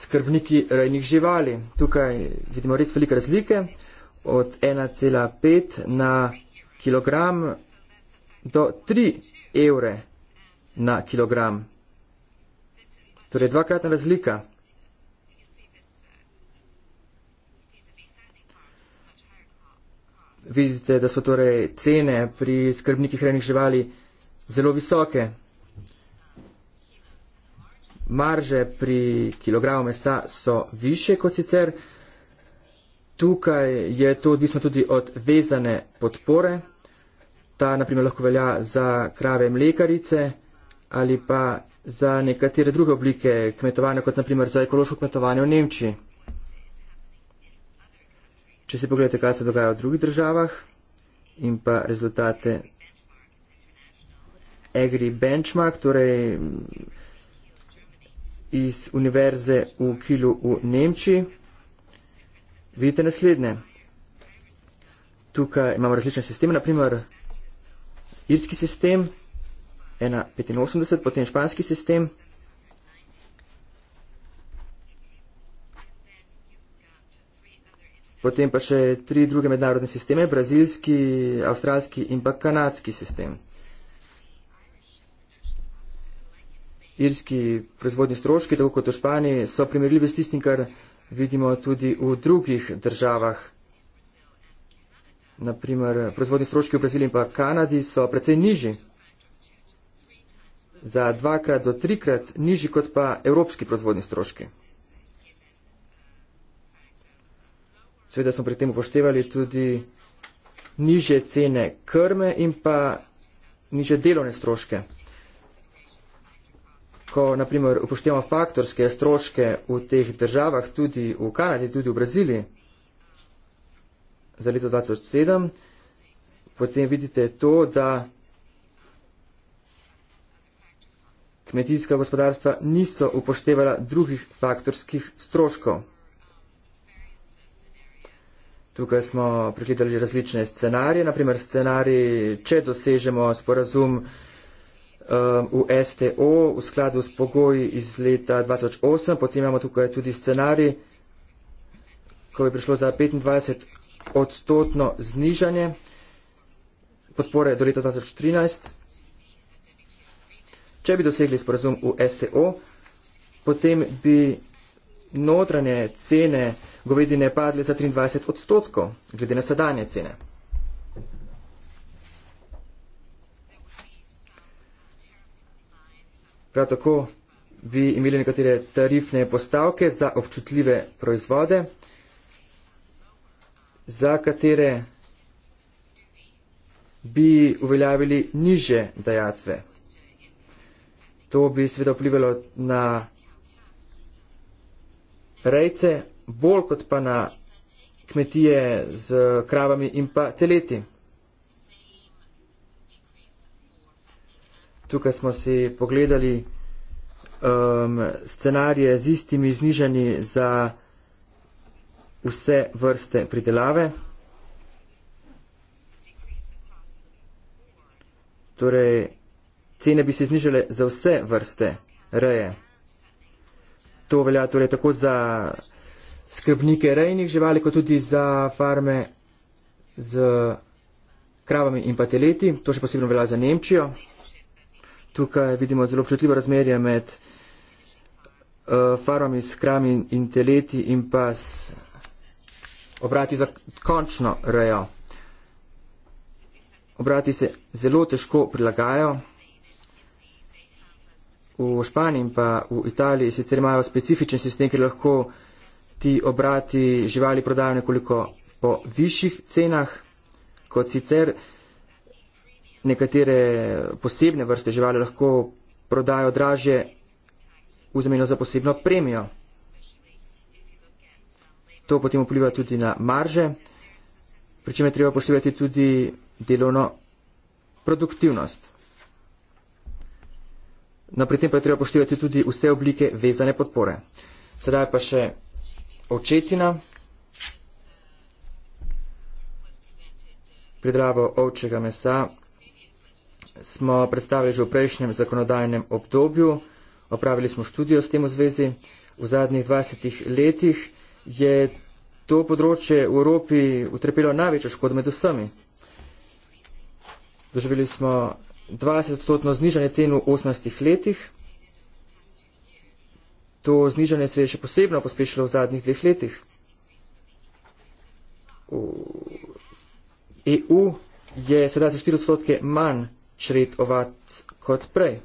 skrbniki rajnih živali. Tukaj vidimo res velike razlike od 1,5 na kilogram do 3 evre na kilogram. Torej dvakratna razlika. vidite, da so torej cene pri skrbnikih hranih živali zelo visoke. Marže pri kilogramu mesa so više kot sicer. Tukaj je to odvisno tudi od vezane podpore. Ta naprimer lahko velja za krave mlekarice ali pa za nekatere druge oblike kmetovanja, kot naprimer za ekološko kmetovanje v Nemčiji. Če si pogledate, kaj se dogaja v drugih državah in pa rezultate Agri Benchmark, torej iz univerze v Kilu v Nemčiji, vidite naslednje. Tukaj imamo različne sisteme, naprimer irski sistem 1.85, potem španski sistem 1.85. Potem pa še tri druge mednarodne sisteme, brazilski, avstralski in pa kanadski sistem. Irski proizvodni stroški, tako kot v Španiji, so primerljivi s tistim, kar vidimo tudi v drugih državah. Naprimer, proizvodni stroški v Braziliji in pa Kanadi so precej nižji, za dvakrat do trikrat nižji kot pa evropski proizvodni stroški. Seveda smo pri tem upoštevali tudi niže cene krme in pa niže delovne stroške. Ko naprimer upoštevamo faktorske stroške v teh državah, tudi v Kanadi, tudi v Braziliji za leto 2007, potem vidite to, da kmetijska gospodarstva niso upoštevala drugih faktorskih stroškov. Tukaj smo pregledali različne scenarije, naprimer scenarij, če dosežemo sporazum um, v STO v skladu s pogoji iz leta 2008, potem imamo tukaj tudi scenarij, ko je prišlo za 25 odstotno znižanje podpore do leta 2013. Če bi dosegli sporazum v STO, potem bi notranje cene govedine padle za 23 odstotkov, glede na sedanje cene. Prav tako bi imeli nekatere tarifne postavke za občutljive proizvode, za katere bi uveljavili niže dajatve. To bi seveda vplivalo na rejce, bolj kot pa na kmetije z kravami in pa teleti. Tukaj smo si pogledali um, scenarije z istimi znižanji za vse vrste pridelave. Torej, cene bi se znižale za vse vrste reje. To velja torej tako za skrbnike rejnih živali, kot tudi za farme z kravami in pateleti. To še posebno velja za Nemčijo. Tukaj vidimo zelo občutljivo razmerje med uh, farmami s kravami in teleti in pa s obrati za končno rejo. Obrati se zelo težko prilagajajo v Španiji in pa v Italiji sicer imajo specifičen sistem, ki lahko ti obrati živali prodajo nekoliko po višjih cenah, kot sicer nekatere posebne vrste živali lahko prodajo dražje v zameno za posebno premijo. To potem vpliva tudi na marže, pri čem je treba poštevati tudi delovno produktivnost. No, pri tem pa je treba poštevati tudi vse oblike vezane podpore. Sedaj pa še očetina, pridravo ovčega mesa smo predstavili že v prejšnjem zakonodajnem obdobju, opravili smo študijo s tem v zvezi. V zadnjih 20 letih je to področje v Evropi utrpelo največjo škodo med vsemi. Doživeli smo 20-odstotno znižanje cen v 18 letih. To znižanje se je še posebno pospešilo v zadnjih dveh letih. V EU je sedaj za 4 odstotke manj čred ovat kot prej.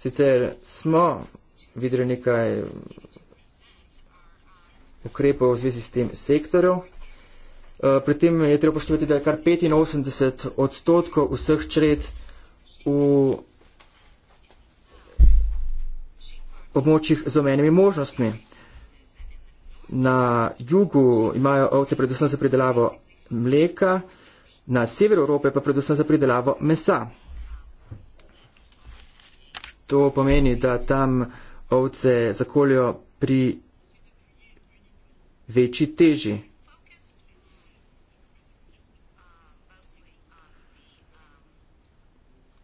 Sicer smo videli nekaj ukrepov v zvezi s tem sektorjem. Eh, pri tem je treba poštovati, da je kar 85 odstotkov vseh čred v območjih z omenjenimi možnostmi. Na jugu imajo ovce predvsem za pridelavo mleka, na severu Evrope pa predvsem za pridelavo mesa. To pomeni, da tam ovce zakolijo pri večji teži.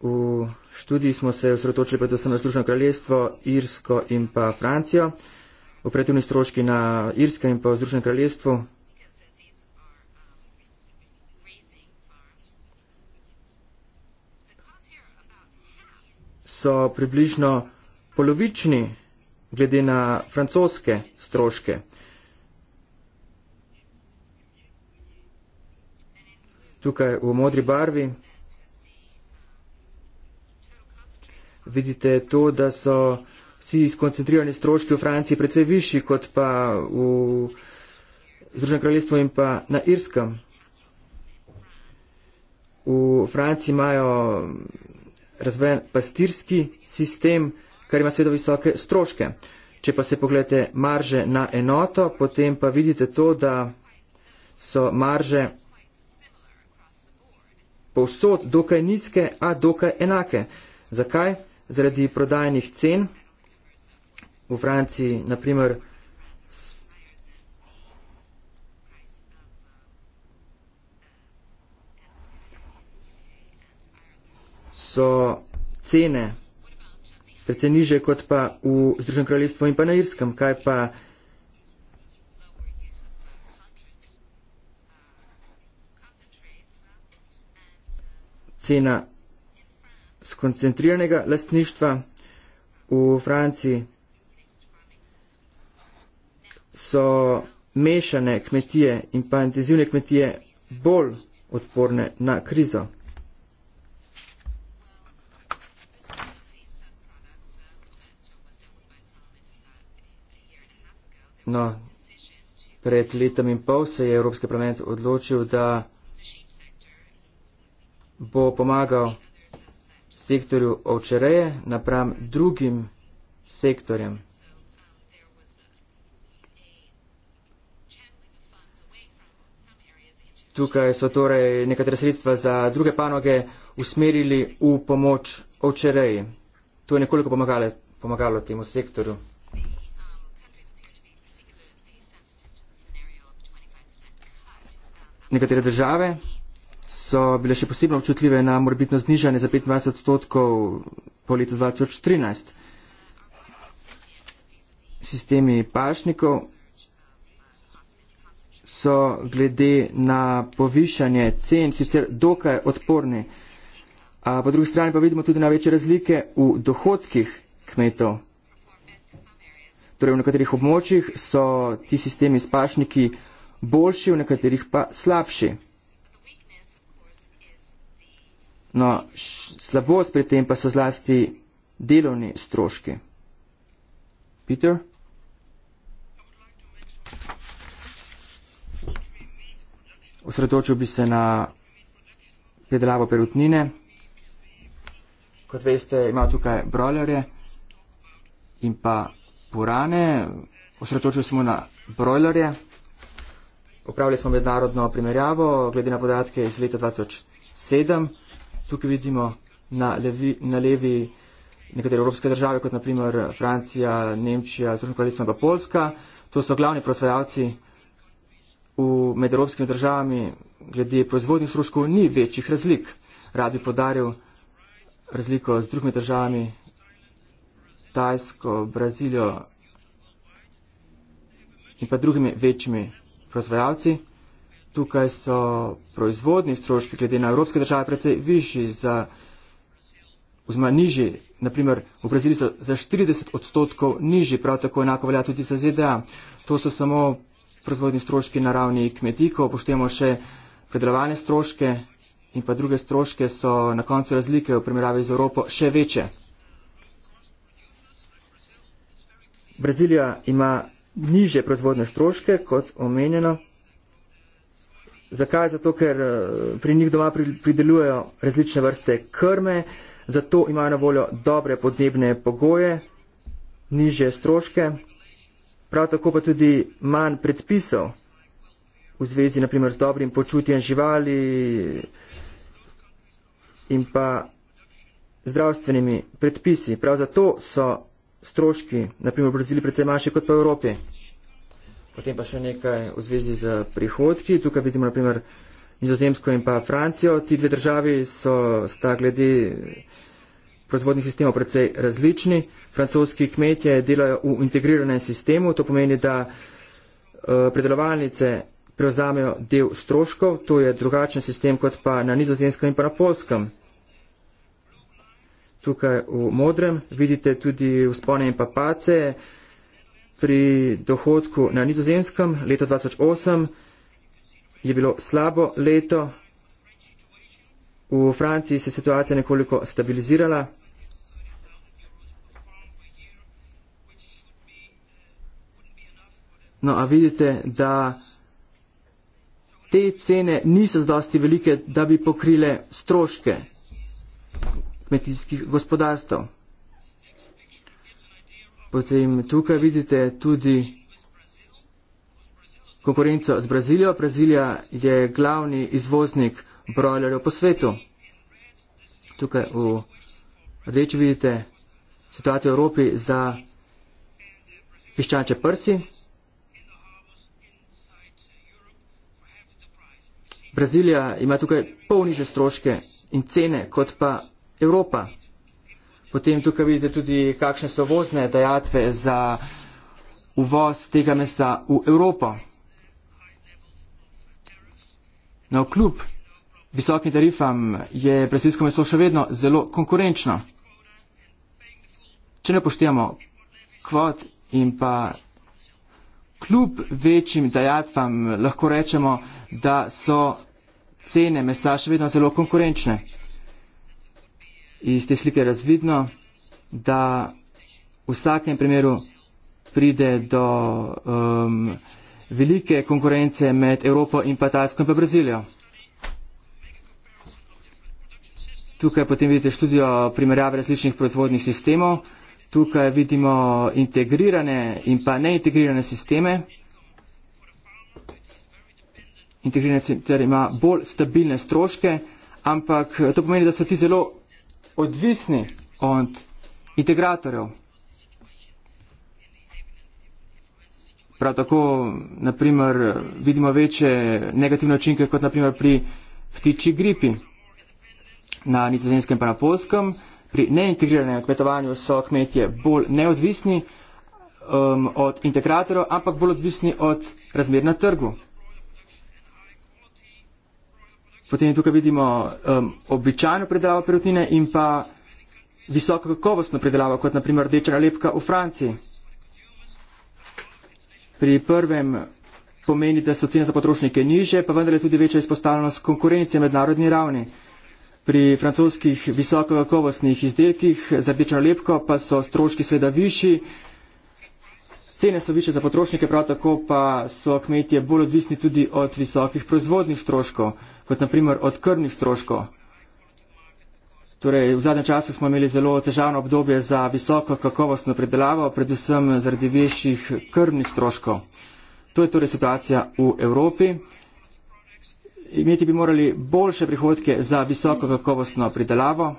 V študiji smo se osredotočili predvsem na Združeno kraljestvo, Irsko in pa Francijo. Operativni stroški na Irsko in pa v Združenem kraljestvu. So približno polovični glede na francoske stroške. Tukaj v modri barvi. vidite to, da so vsi skoncentrirani stroški v Franciji precej višji kot pa v Združenem kraljestvu in pa na Irskem. V Franciji imajo razvojen pastirski sistem, kar ima seveda visoke stroške. Če pa se pogledate marže na enoto, potem pa vidite to, da so marže povsod dokaj nizke, a dokaj enake. Zakaj? zaradi prodajnih cen. V Franciji, naprimer, so cene precej niže kot pa v Združenem kraljestvu in pa na Irskem. Kaj pa cena skoncentriranega lastništva v Franciji so mešane kmetije in pa intenzivne kmetije bolj odporne na krizo. No, pred letom in pol se je Evropski parlament odločil, da bo pomagal sektorju ovčereje napram drugim sektorjem. Tukaj so torej nekatere sredstva za druge panoge usmerili v pomoč ovčereji. To je nekoliko pomagalo, pomagalo temu sektorju. Nekatere države so bile še posebej občutljive na morbitno znižanje za 25 odstotkov po letu 2013. Sistemi pašnikov so glede na povišanje cen sicer dokaj odporni. A po drugi strani pa vidimo tudi največje razlike v dohodkih kmetov. Torej v nekaterih območjih so ti sistemi s pašniki boljši, v nekaterih pa slabši. No, slabost pri tem pa so zlasti delovni stroški. Peter? Osredotočil bi se na predelavo perutnine. Kot veste, ima tukaj brojlerje in pa purane. Osredotočil smo na brojlerje. Opravili smo mednarodno primerjavo glede na podatke iz leta 2007. Tukaj vidimo na, levi, na levi nekatere evropske države, kot naprimer Francija, Nemčija, Združeno kraljestvo in pa Poljska. To so glavni proizvajalci med evropskimi državami. Glede proizvodnih stroškov ni večjih razlik. Rad bi podaril razliko z drugimi državami, Tajsko, Brazilijo in pa drugimi večjimi proizvajalci tukaj so proizvodni stroški glede na evropske države precej višji, oziroma nižji. Naprimer, v Braziliji so za 40 odstotkov nižji, prav tako enako velja tudi za ZDA. To so samo proizvodni stroški na ravni kmetijkov, poštemo še predelovane stroške in pa druge stroške so na koncu razlike v primerjavi z Evropo še večje. Brazilija ima niže proizvodne stroške, kot omenjeno, Zakaj? Zato, ker eh, pri njih doma pridelujejo različne vrste krme, zato imajo na voljo dobre podnebne pogoje, nižje stroške, prav tako pa tudi manj predpisov v zvezi naprimer z dobrim počutjem živali in pa zdravstvenimi predpisi. Prav zato so stroški, naprimer v Braziliji, predvsem manjši kot pa v Evropi. Potem pa še nekaj v zvezi z prihodki. Tukaj vidimo naprimer Nizozemsko in pa Francijo. Ti dve državi so sta glede proizvodnih sistemov precej različni. Francoski kmetje delajo v integriranem sistemu, to pomeni, da eh, predelovalnice prevzamejo del stroškov, to je drugačen sistem kot pa na nizozemskem in pa na polskem. Tukaj v modrem vidite tudi vzpone in pa pace, pri dohodku na nizozemskem. Leto 2008 je bilo slabo leto. V Franciji se je situacija nekoliko stabilizirala. No, a vidite, da te cene niso zdosti velike, da bi pokrile stroške kmetijskih gospodarstv. Potem tukaj vidite tudi konkurenco z Brazilijo. Brazilija je glavni izvoznik brojlerjev po svetu. Tukaj v rdeči vidite situacijo v Evropi za piščanče prsi. Brazilija ima tukaj polniže stroške in cene kot pa Evropa. Potem tukaj vidite tudi, kakšne so vozne dejatve za uvoz tega mesa v Evropo. Na no, kljub visokim tarifam je brazilsko meso še vedno zelo konkurenčno. Če ne poštijamo kvot in pa kljub večjim dajatvam, lahko rečemo, da so cene mesa še vedno zelo konkurenčne iz te slike razvidno, da v vsakem primeru pride do um, velike konkurence med Evropo in pa Tajsko in pa Brazilijo. Tukaj potem vidite študijo primerjave različnih proizvodnih sistemov. Tukaj vidimo integrirane in pa neintegrirane sisteme. Integrirane sicer ima bolj stabilne stroške, ampak to pomeni, da so ti zelo odvisni od integratorjev. Prav tako naprimer, vidimo večje negativne učinke kot naprimer pri ptiči gripi na nizozemskem in na polskem. Pri neintegriranem kmetovanju so kmetje bolj neodvisni um, od integratorjev, ampak bolj odvisni od razmer na trgu. Potem tukaj vidimo um, običajno predelavo perutnine in pa visoko kakovostno predelavo, kot naprimer rdeča lepka v Franciji. Pri prvem pomeni, da so cene za potrošnike niže, pa vendar je tudi večja izpostavljenost konkurencije mednarodni ravni. Pri francoskih visoko kakovostnih izdelkih za rdečo lepko pa so stroški sveda višji, cene so više za potrošnike, prav tako pa so kmetje bolj odvisni tudi od visokih proizvodnih stroškov kot naprimer od krvnih stroškov. Torej, v zadnjem času smo imeli zelo težavno obdobje za visoko kakovostno predelavo, predvsem zaradi večjih krvnih stroškov. To je torej situacija v Evropi. Imeti bi morali boljše prihodke za visoko kakovostno predelavo.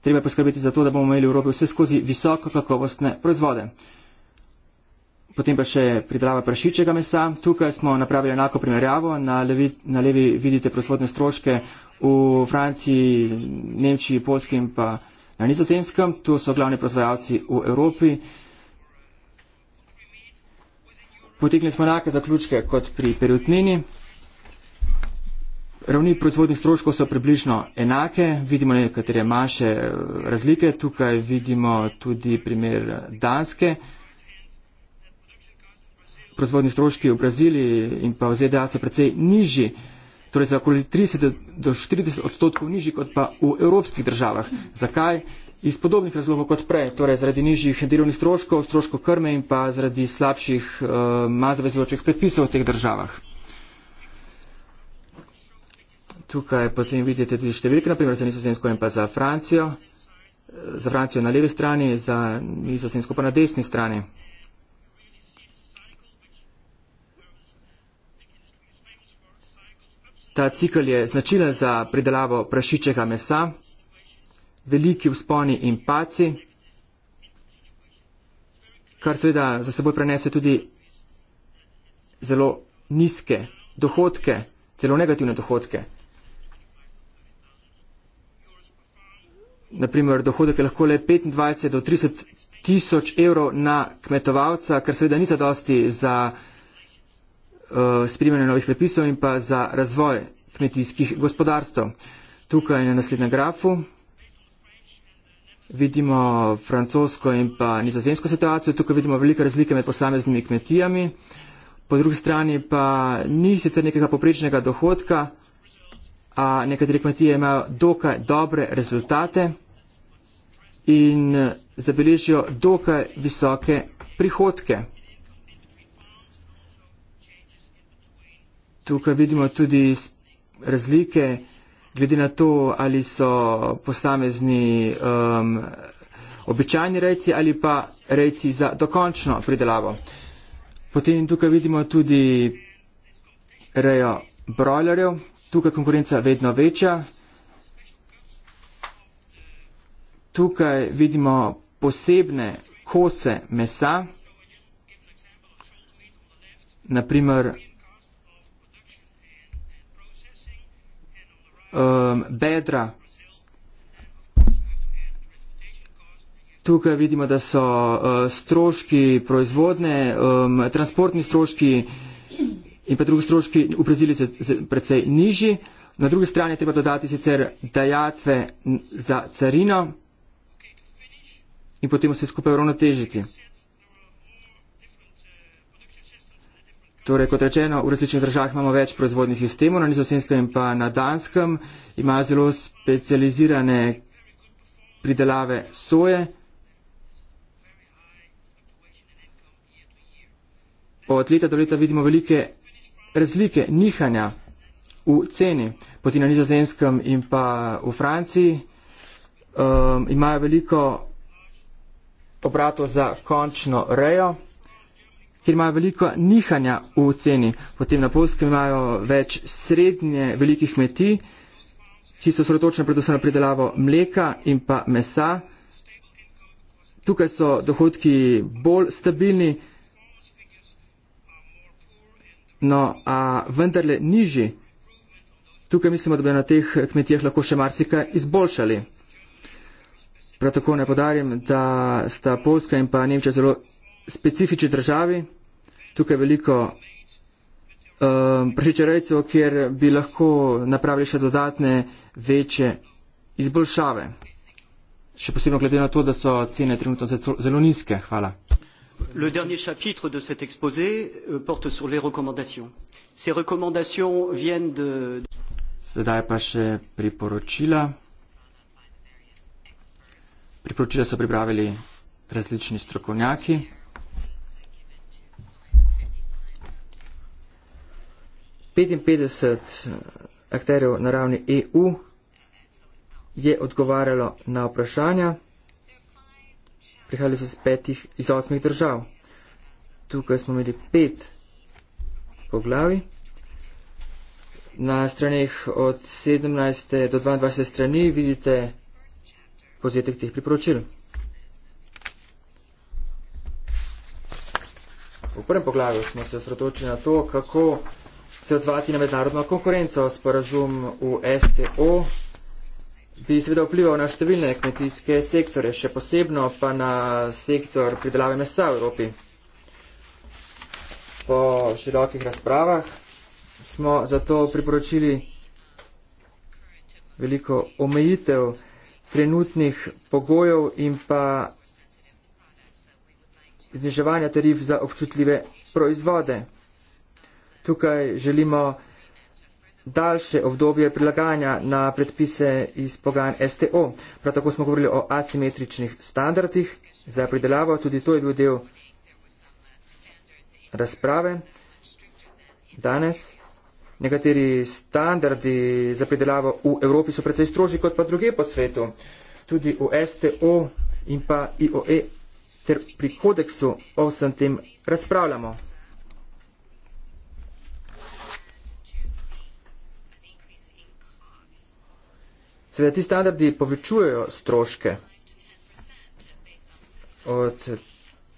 Treba poskrbeti za to, da bomo imeli v Evropi vse skozi visoko kakovostne proizvode potem pa še pridelava prašičega mesa. Tukaj smo napravili enako primerjavo. Na levi, na levi vidite proizvodne stroške v Franciji, Nemčiji, Polski in pa na Nizozemskem. Tu so glavni proizvajalci v Evropi. Potegnili smo enake zaključke kot pri perutnini. Ravni proizvodnih stroškov so približno enake, vidimo nekatere manjše eh, razlike, tukaj vidimo tudi primer Danske proizvodni stroški v Braziliji in pa v ZDA so precej nižji, torej za okoli 30 do 40 odstotkov nižji kot pa v evropskih državah. Zakaj? Iz podobnih razlogov kot prej, torej zaradi nižjih delovnih stroškov, stroškov krme in pa zaradi slabših uh, eh, mazavezujočih predpisov v teh državah. Tukaj potem vidite tudi številke, naprimer za nizozemsko in pa za Francijo. Eh, za Francijo na levi strani, za nizozemsko pa na desni strani. Ta cikl je značilen za pridelavo prašičega mesa, veliki usponi in paci, kar seveda za seboj prenese tudi zelo nizke dohodke, zelo negativne dohodke. Naprimer, dohodek je lahko le 25 do 30 tisoč evrov na kmetovalca, kar seveda ni zadosti za dosti za Eh, sprejemanju novih prepisov in pa za razvoj kmetijskih gospodarstv. Tukaj na naslednjem grafu vidimo francosko in pa nizozemsko situacijo. Tukaj vidimo velike razlike med posameznimi kmetijami. Po drugi strani pa ni sicer nekega poprečnega dohodka, a nekatere kmetije imajo dokaj dobre rezultate in zabeležijo dokaj visoke prihodke. Tukaj vidimo tudi razlike, glede na to, ali so posamezni um, običajni rejci ali pa rejci za dokončno pridelavo. Potem tukaj vidimo tudi rejo brojlerjev. Tukaj konkurenca vedno večja. Tukaj vidimo posebne kose mesa, naprimer um, bedra. Tukaj vidimo, da so uh, stroški proizvodne, um, transportni stroški in pa drugi stroški v Braziliji precej nižji. Na drugi strani treba dodati sicer dajatve za carino in potem vse skupaj uravnotežiti. Torej, kot rečeno, v različnih državah imamo več proizvodnih sistemov, na nizozemskem in pa na danskem ima zelo specializirane pridelave soje. Od leta do leta vidimo velike razlike, nihanja v ceni. Poti na nizozemskem in pa v Franciji um, imajo veliko obrato za končno rejo kjer imajo veliko nihanja v ceni. Potem na Polskem imajo več srednje velikih kmetij, ki so sredotočene predvsem na pridelavo mleka in pa mesa. Tukaj so dohodki bolj stabilni, no a vendarle nižji. Tukaj mislimo, da bi na teh kmetijah lahko še marsikaj izboljšali. Prav tako ne podarim, da sta Polska in pa Nemčija zelo specifični državi tukaj veliko um, prešičarejcev, kjer bi lahko napravili še dodatne večje izboljšave. Še posebno glede na to, da so cene trenutno zelo nizke. Hvala. Le dernier chapitre de cet exposé euh, porte sur les recommandations. Ces recommandations viennent de. Sedaj pa še priporočila. Priporočila so pripravili različni strokovnjaki. 55 eh, akterjev na ravni EU je odgovarjalo na vprašanja. Prihajali so iz petih, iz osmih držav. Tukaj smo imeli pet poglavi. Na straneh od 17. do 22. strani vidite pozetek teh priporočil. V prvem poglavju smo se osredotočili na to, kako se odzvati na mednarodno konkurenco. Sporazum v STO bi seveda vplival na številne kmetijske sektore, še posebno pa na sektor pridelave mesa v Evropi. Po širokih razpravah smo zato priporočili veliko omejitev trenutnih pogojev in pa zniževanja tarif za občutljive proizvode. Tukaj želimo daljše obdobje prilagajanja na predpise iz pogajanj STO. Prav tako smo govorili o asimetričnih standardih za pridelavo. Tudi to je bil del razprave danes. Nekateri standardi za pridelavo v Evropi so precej strožji kot pa druge po svetu. Tudi v STO in pa IOE ter pri kodeksu o vsem tem razpravljamo. Seveda ti standardi povečujejo stroške od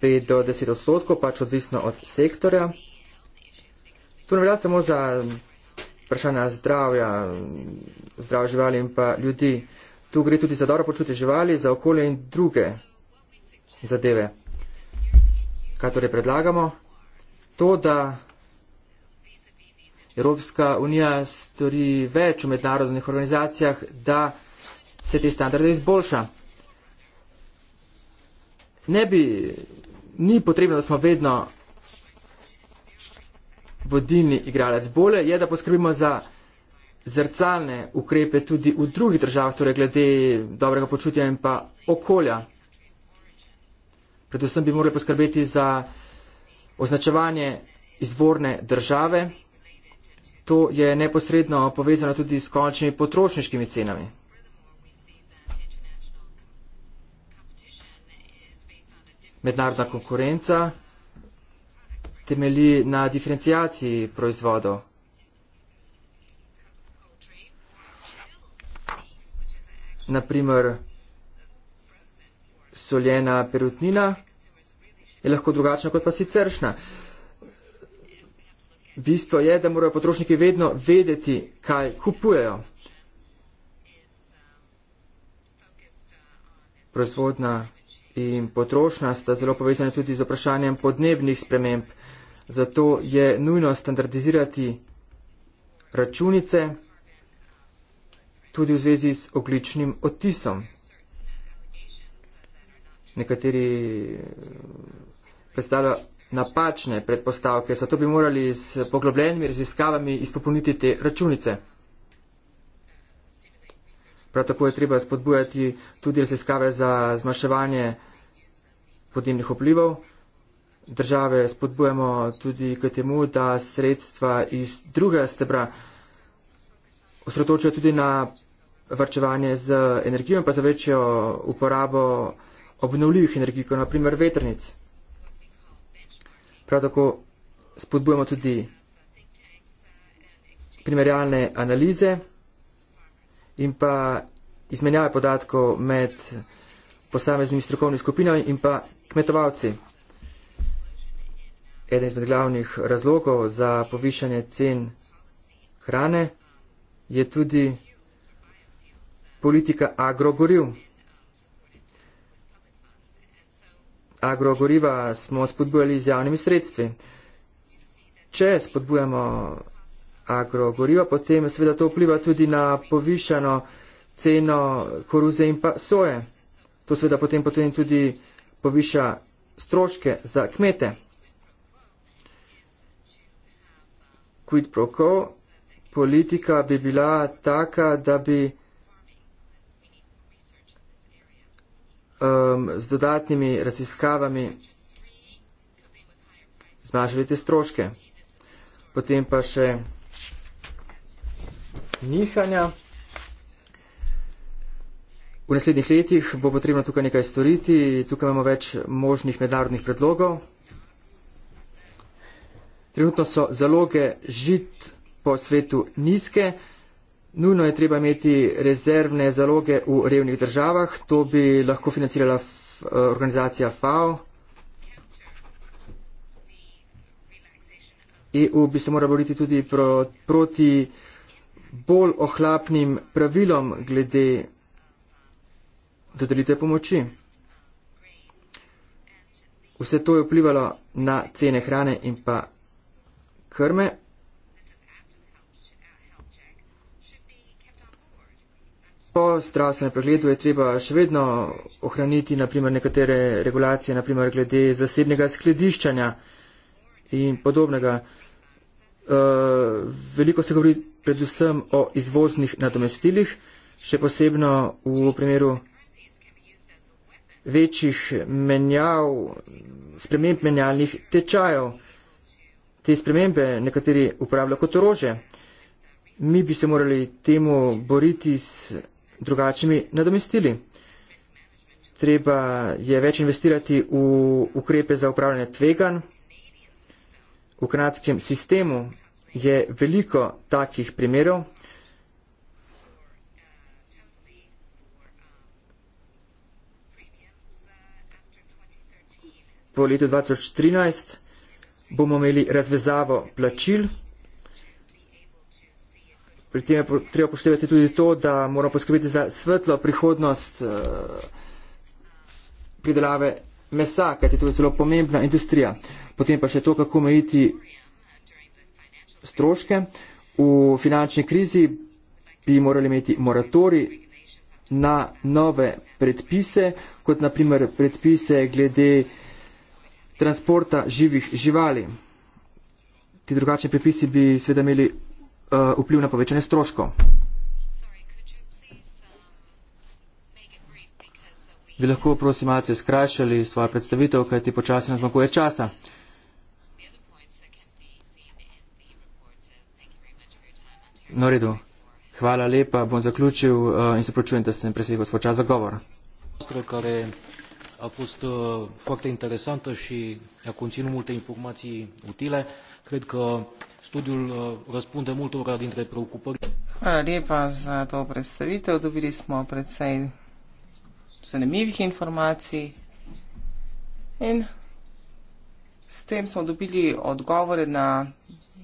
5 do 10 odstotkov, pač odvisno od sektorja. Tu ne velja samo za vprašanja zdravja, zdrav živali in pa ljudi. Tu gre tudi za dobro počutje živali, za okolje in druge zadeve. Kaj torej predlagamo? To, da Evropska unija stori več v mednarodnih organizacijah, da se te standarde izboljša. Ne bi, ni potrebno, da smo vedno vodilni igralec. Bolje je, da poskrbimo za zrcalne ukrepe tudi v drugih državah, torej glede dobrega počutja in pa okolja. Predvsem bi morali poskrbeti za označevanje izvorne države. To je neposredno povezano tudi s končnimi potrošniškimi cenami. Mednarodna konkurenca temelji na diferencijaciji proizvodov. Naprimer, soljena perutnina je lahko drugačna kot pa siceršna bistvo je, da morajo potrošniki vedno vedeti, kaj kupujejo. Proizvodna in potrošnja sta zelo povezana tudi z vprašanjem podnebnih sprememb. Zato je nujno standardizirati računice tudi v zvezi s okličnim otisom. Nekateri predstavljajo napačne predpostavke, zato bi morali s poglobljenimi raziskavami izpopolniti te računice. Prav tako je treba spodbujati tudi raziskave za zmaševanje podnebnih vplivov. Države spodbujamo tudi k temu, da sredstva iz druge stebra osredotočajo tudi na vrčevanje z energijo in pa za večjo uporabo obnovljivih energij, kot naprimer vetrnic. Prav tako spodbujamo tudi primerjalne analize in pa izmenjave podatkov med posameznimi strokovnimi skupinami in pa kmetovalci. Eden izmed glavnih razlogov za povišanje cen hrane je tudi politika agrogoriv. agrogoriva smo spodbujali z javnimi sredstvi. Če spodbujamo agrogorivo, potem seveda to vpliva tudi na povišano ceno koruze in pa soje. To seveda potem potem tudi poviša stroške za kmete. Quid pro quo politika bi bila taka, da bi um, z dodatnimi raziskavami zmanjšali te stroške. Potem pa še nihanja. V naslednjih letih bo potrebno tukaj nekaj storiti. Tukaj imamo več možnih mednarodnih predlogov. Trenutno so zaloge žit po svetu nizke. Nujno je treba imeti rezervne zaloge v revnih državah, to bi lahko financirala eh, organizacija FAO. EU bi se morala boriti tudi pro, proti bolj ohlapnim pravilom glede dodelitve pomoči. Vse to je vplivalo na cene hrane in pa krme. Po zdravstvenem pregledu je treba še vedno ohraniti naprimer, nekatere regulacije, naprimer glede zasebnega skladiščanja in podobnega. Uh, veliko se govori predvsem o izvoznih nadomestilih, še posebno v primeru večjih menjav, sprememb menjalnih tečajev. Te spremembe nekateri uporabljajo kot orože. Mi bi se morali temu boriti s drugačnimi nadomestili. Treba je več investirati v ukrepe za upravljanje tvegan. V kanadskem sistemu je veliko takih primerov. Po letu 2013 bomo imeli razvezavo plačil pri tem je treba upoštevati tudi to, da moramo poskrbeti za svetlo prihodnost eh, pridelave mesa, kajti to je zelo pomembna industrija. Potem pa še to, kako omejiti stroške. V finančni krizi bi morali imeti moratori na nove predpise, kot naprimer predpise glede transporta živih živali. Ti drugačni predpisi bi sveda imeli Uh, vpliv na povečanje stroškov. Bi lahko, prosim, malce skrajšali svojo predstavitev, kajti počasi nas manjkuje časa. No, redu. Hvala lepa, bom zaključil uh, in se počujem, da sem presegel svoj čas za govor. a fost uh, foarte interesantă și a conținut multe informații utile. Cred că studiul uh, răspunde multora dintre preocupări. Hvala lepa za to predstavitev. Dobili smo predvsej zanimivih informacij in s tem smo dobili odgovore na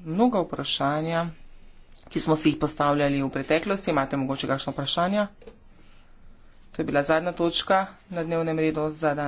mnoga vprašanja, ki smo si jih postavljali v preteklosti. Imate mogoče kakšno vprašanje? To je bila zadnja točka na dnevnem redu za dan.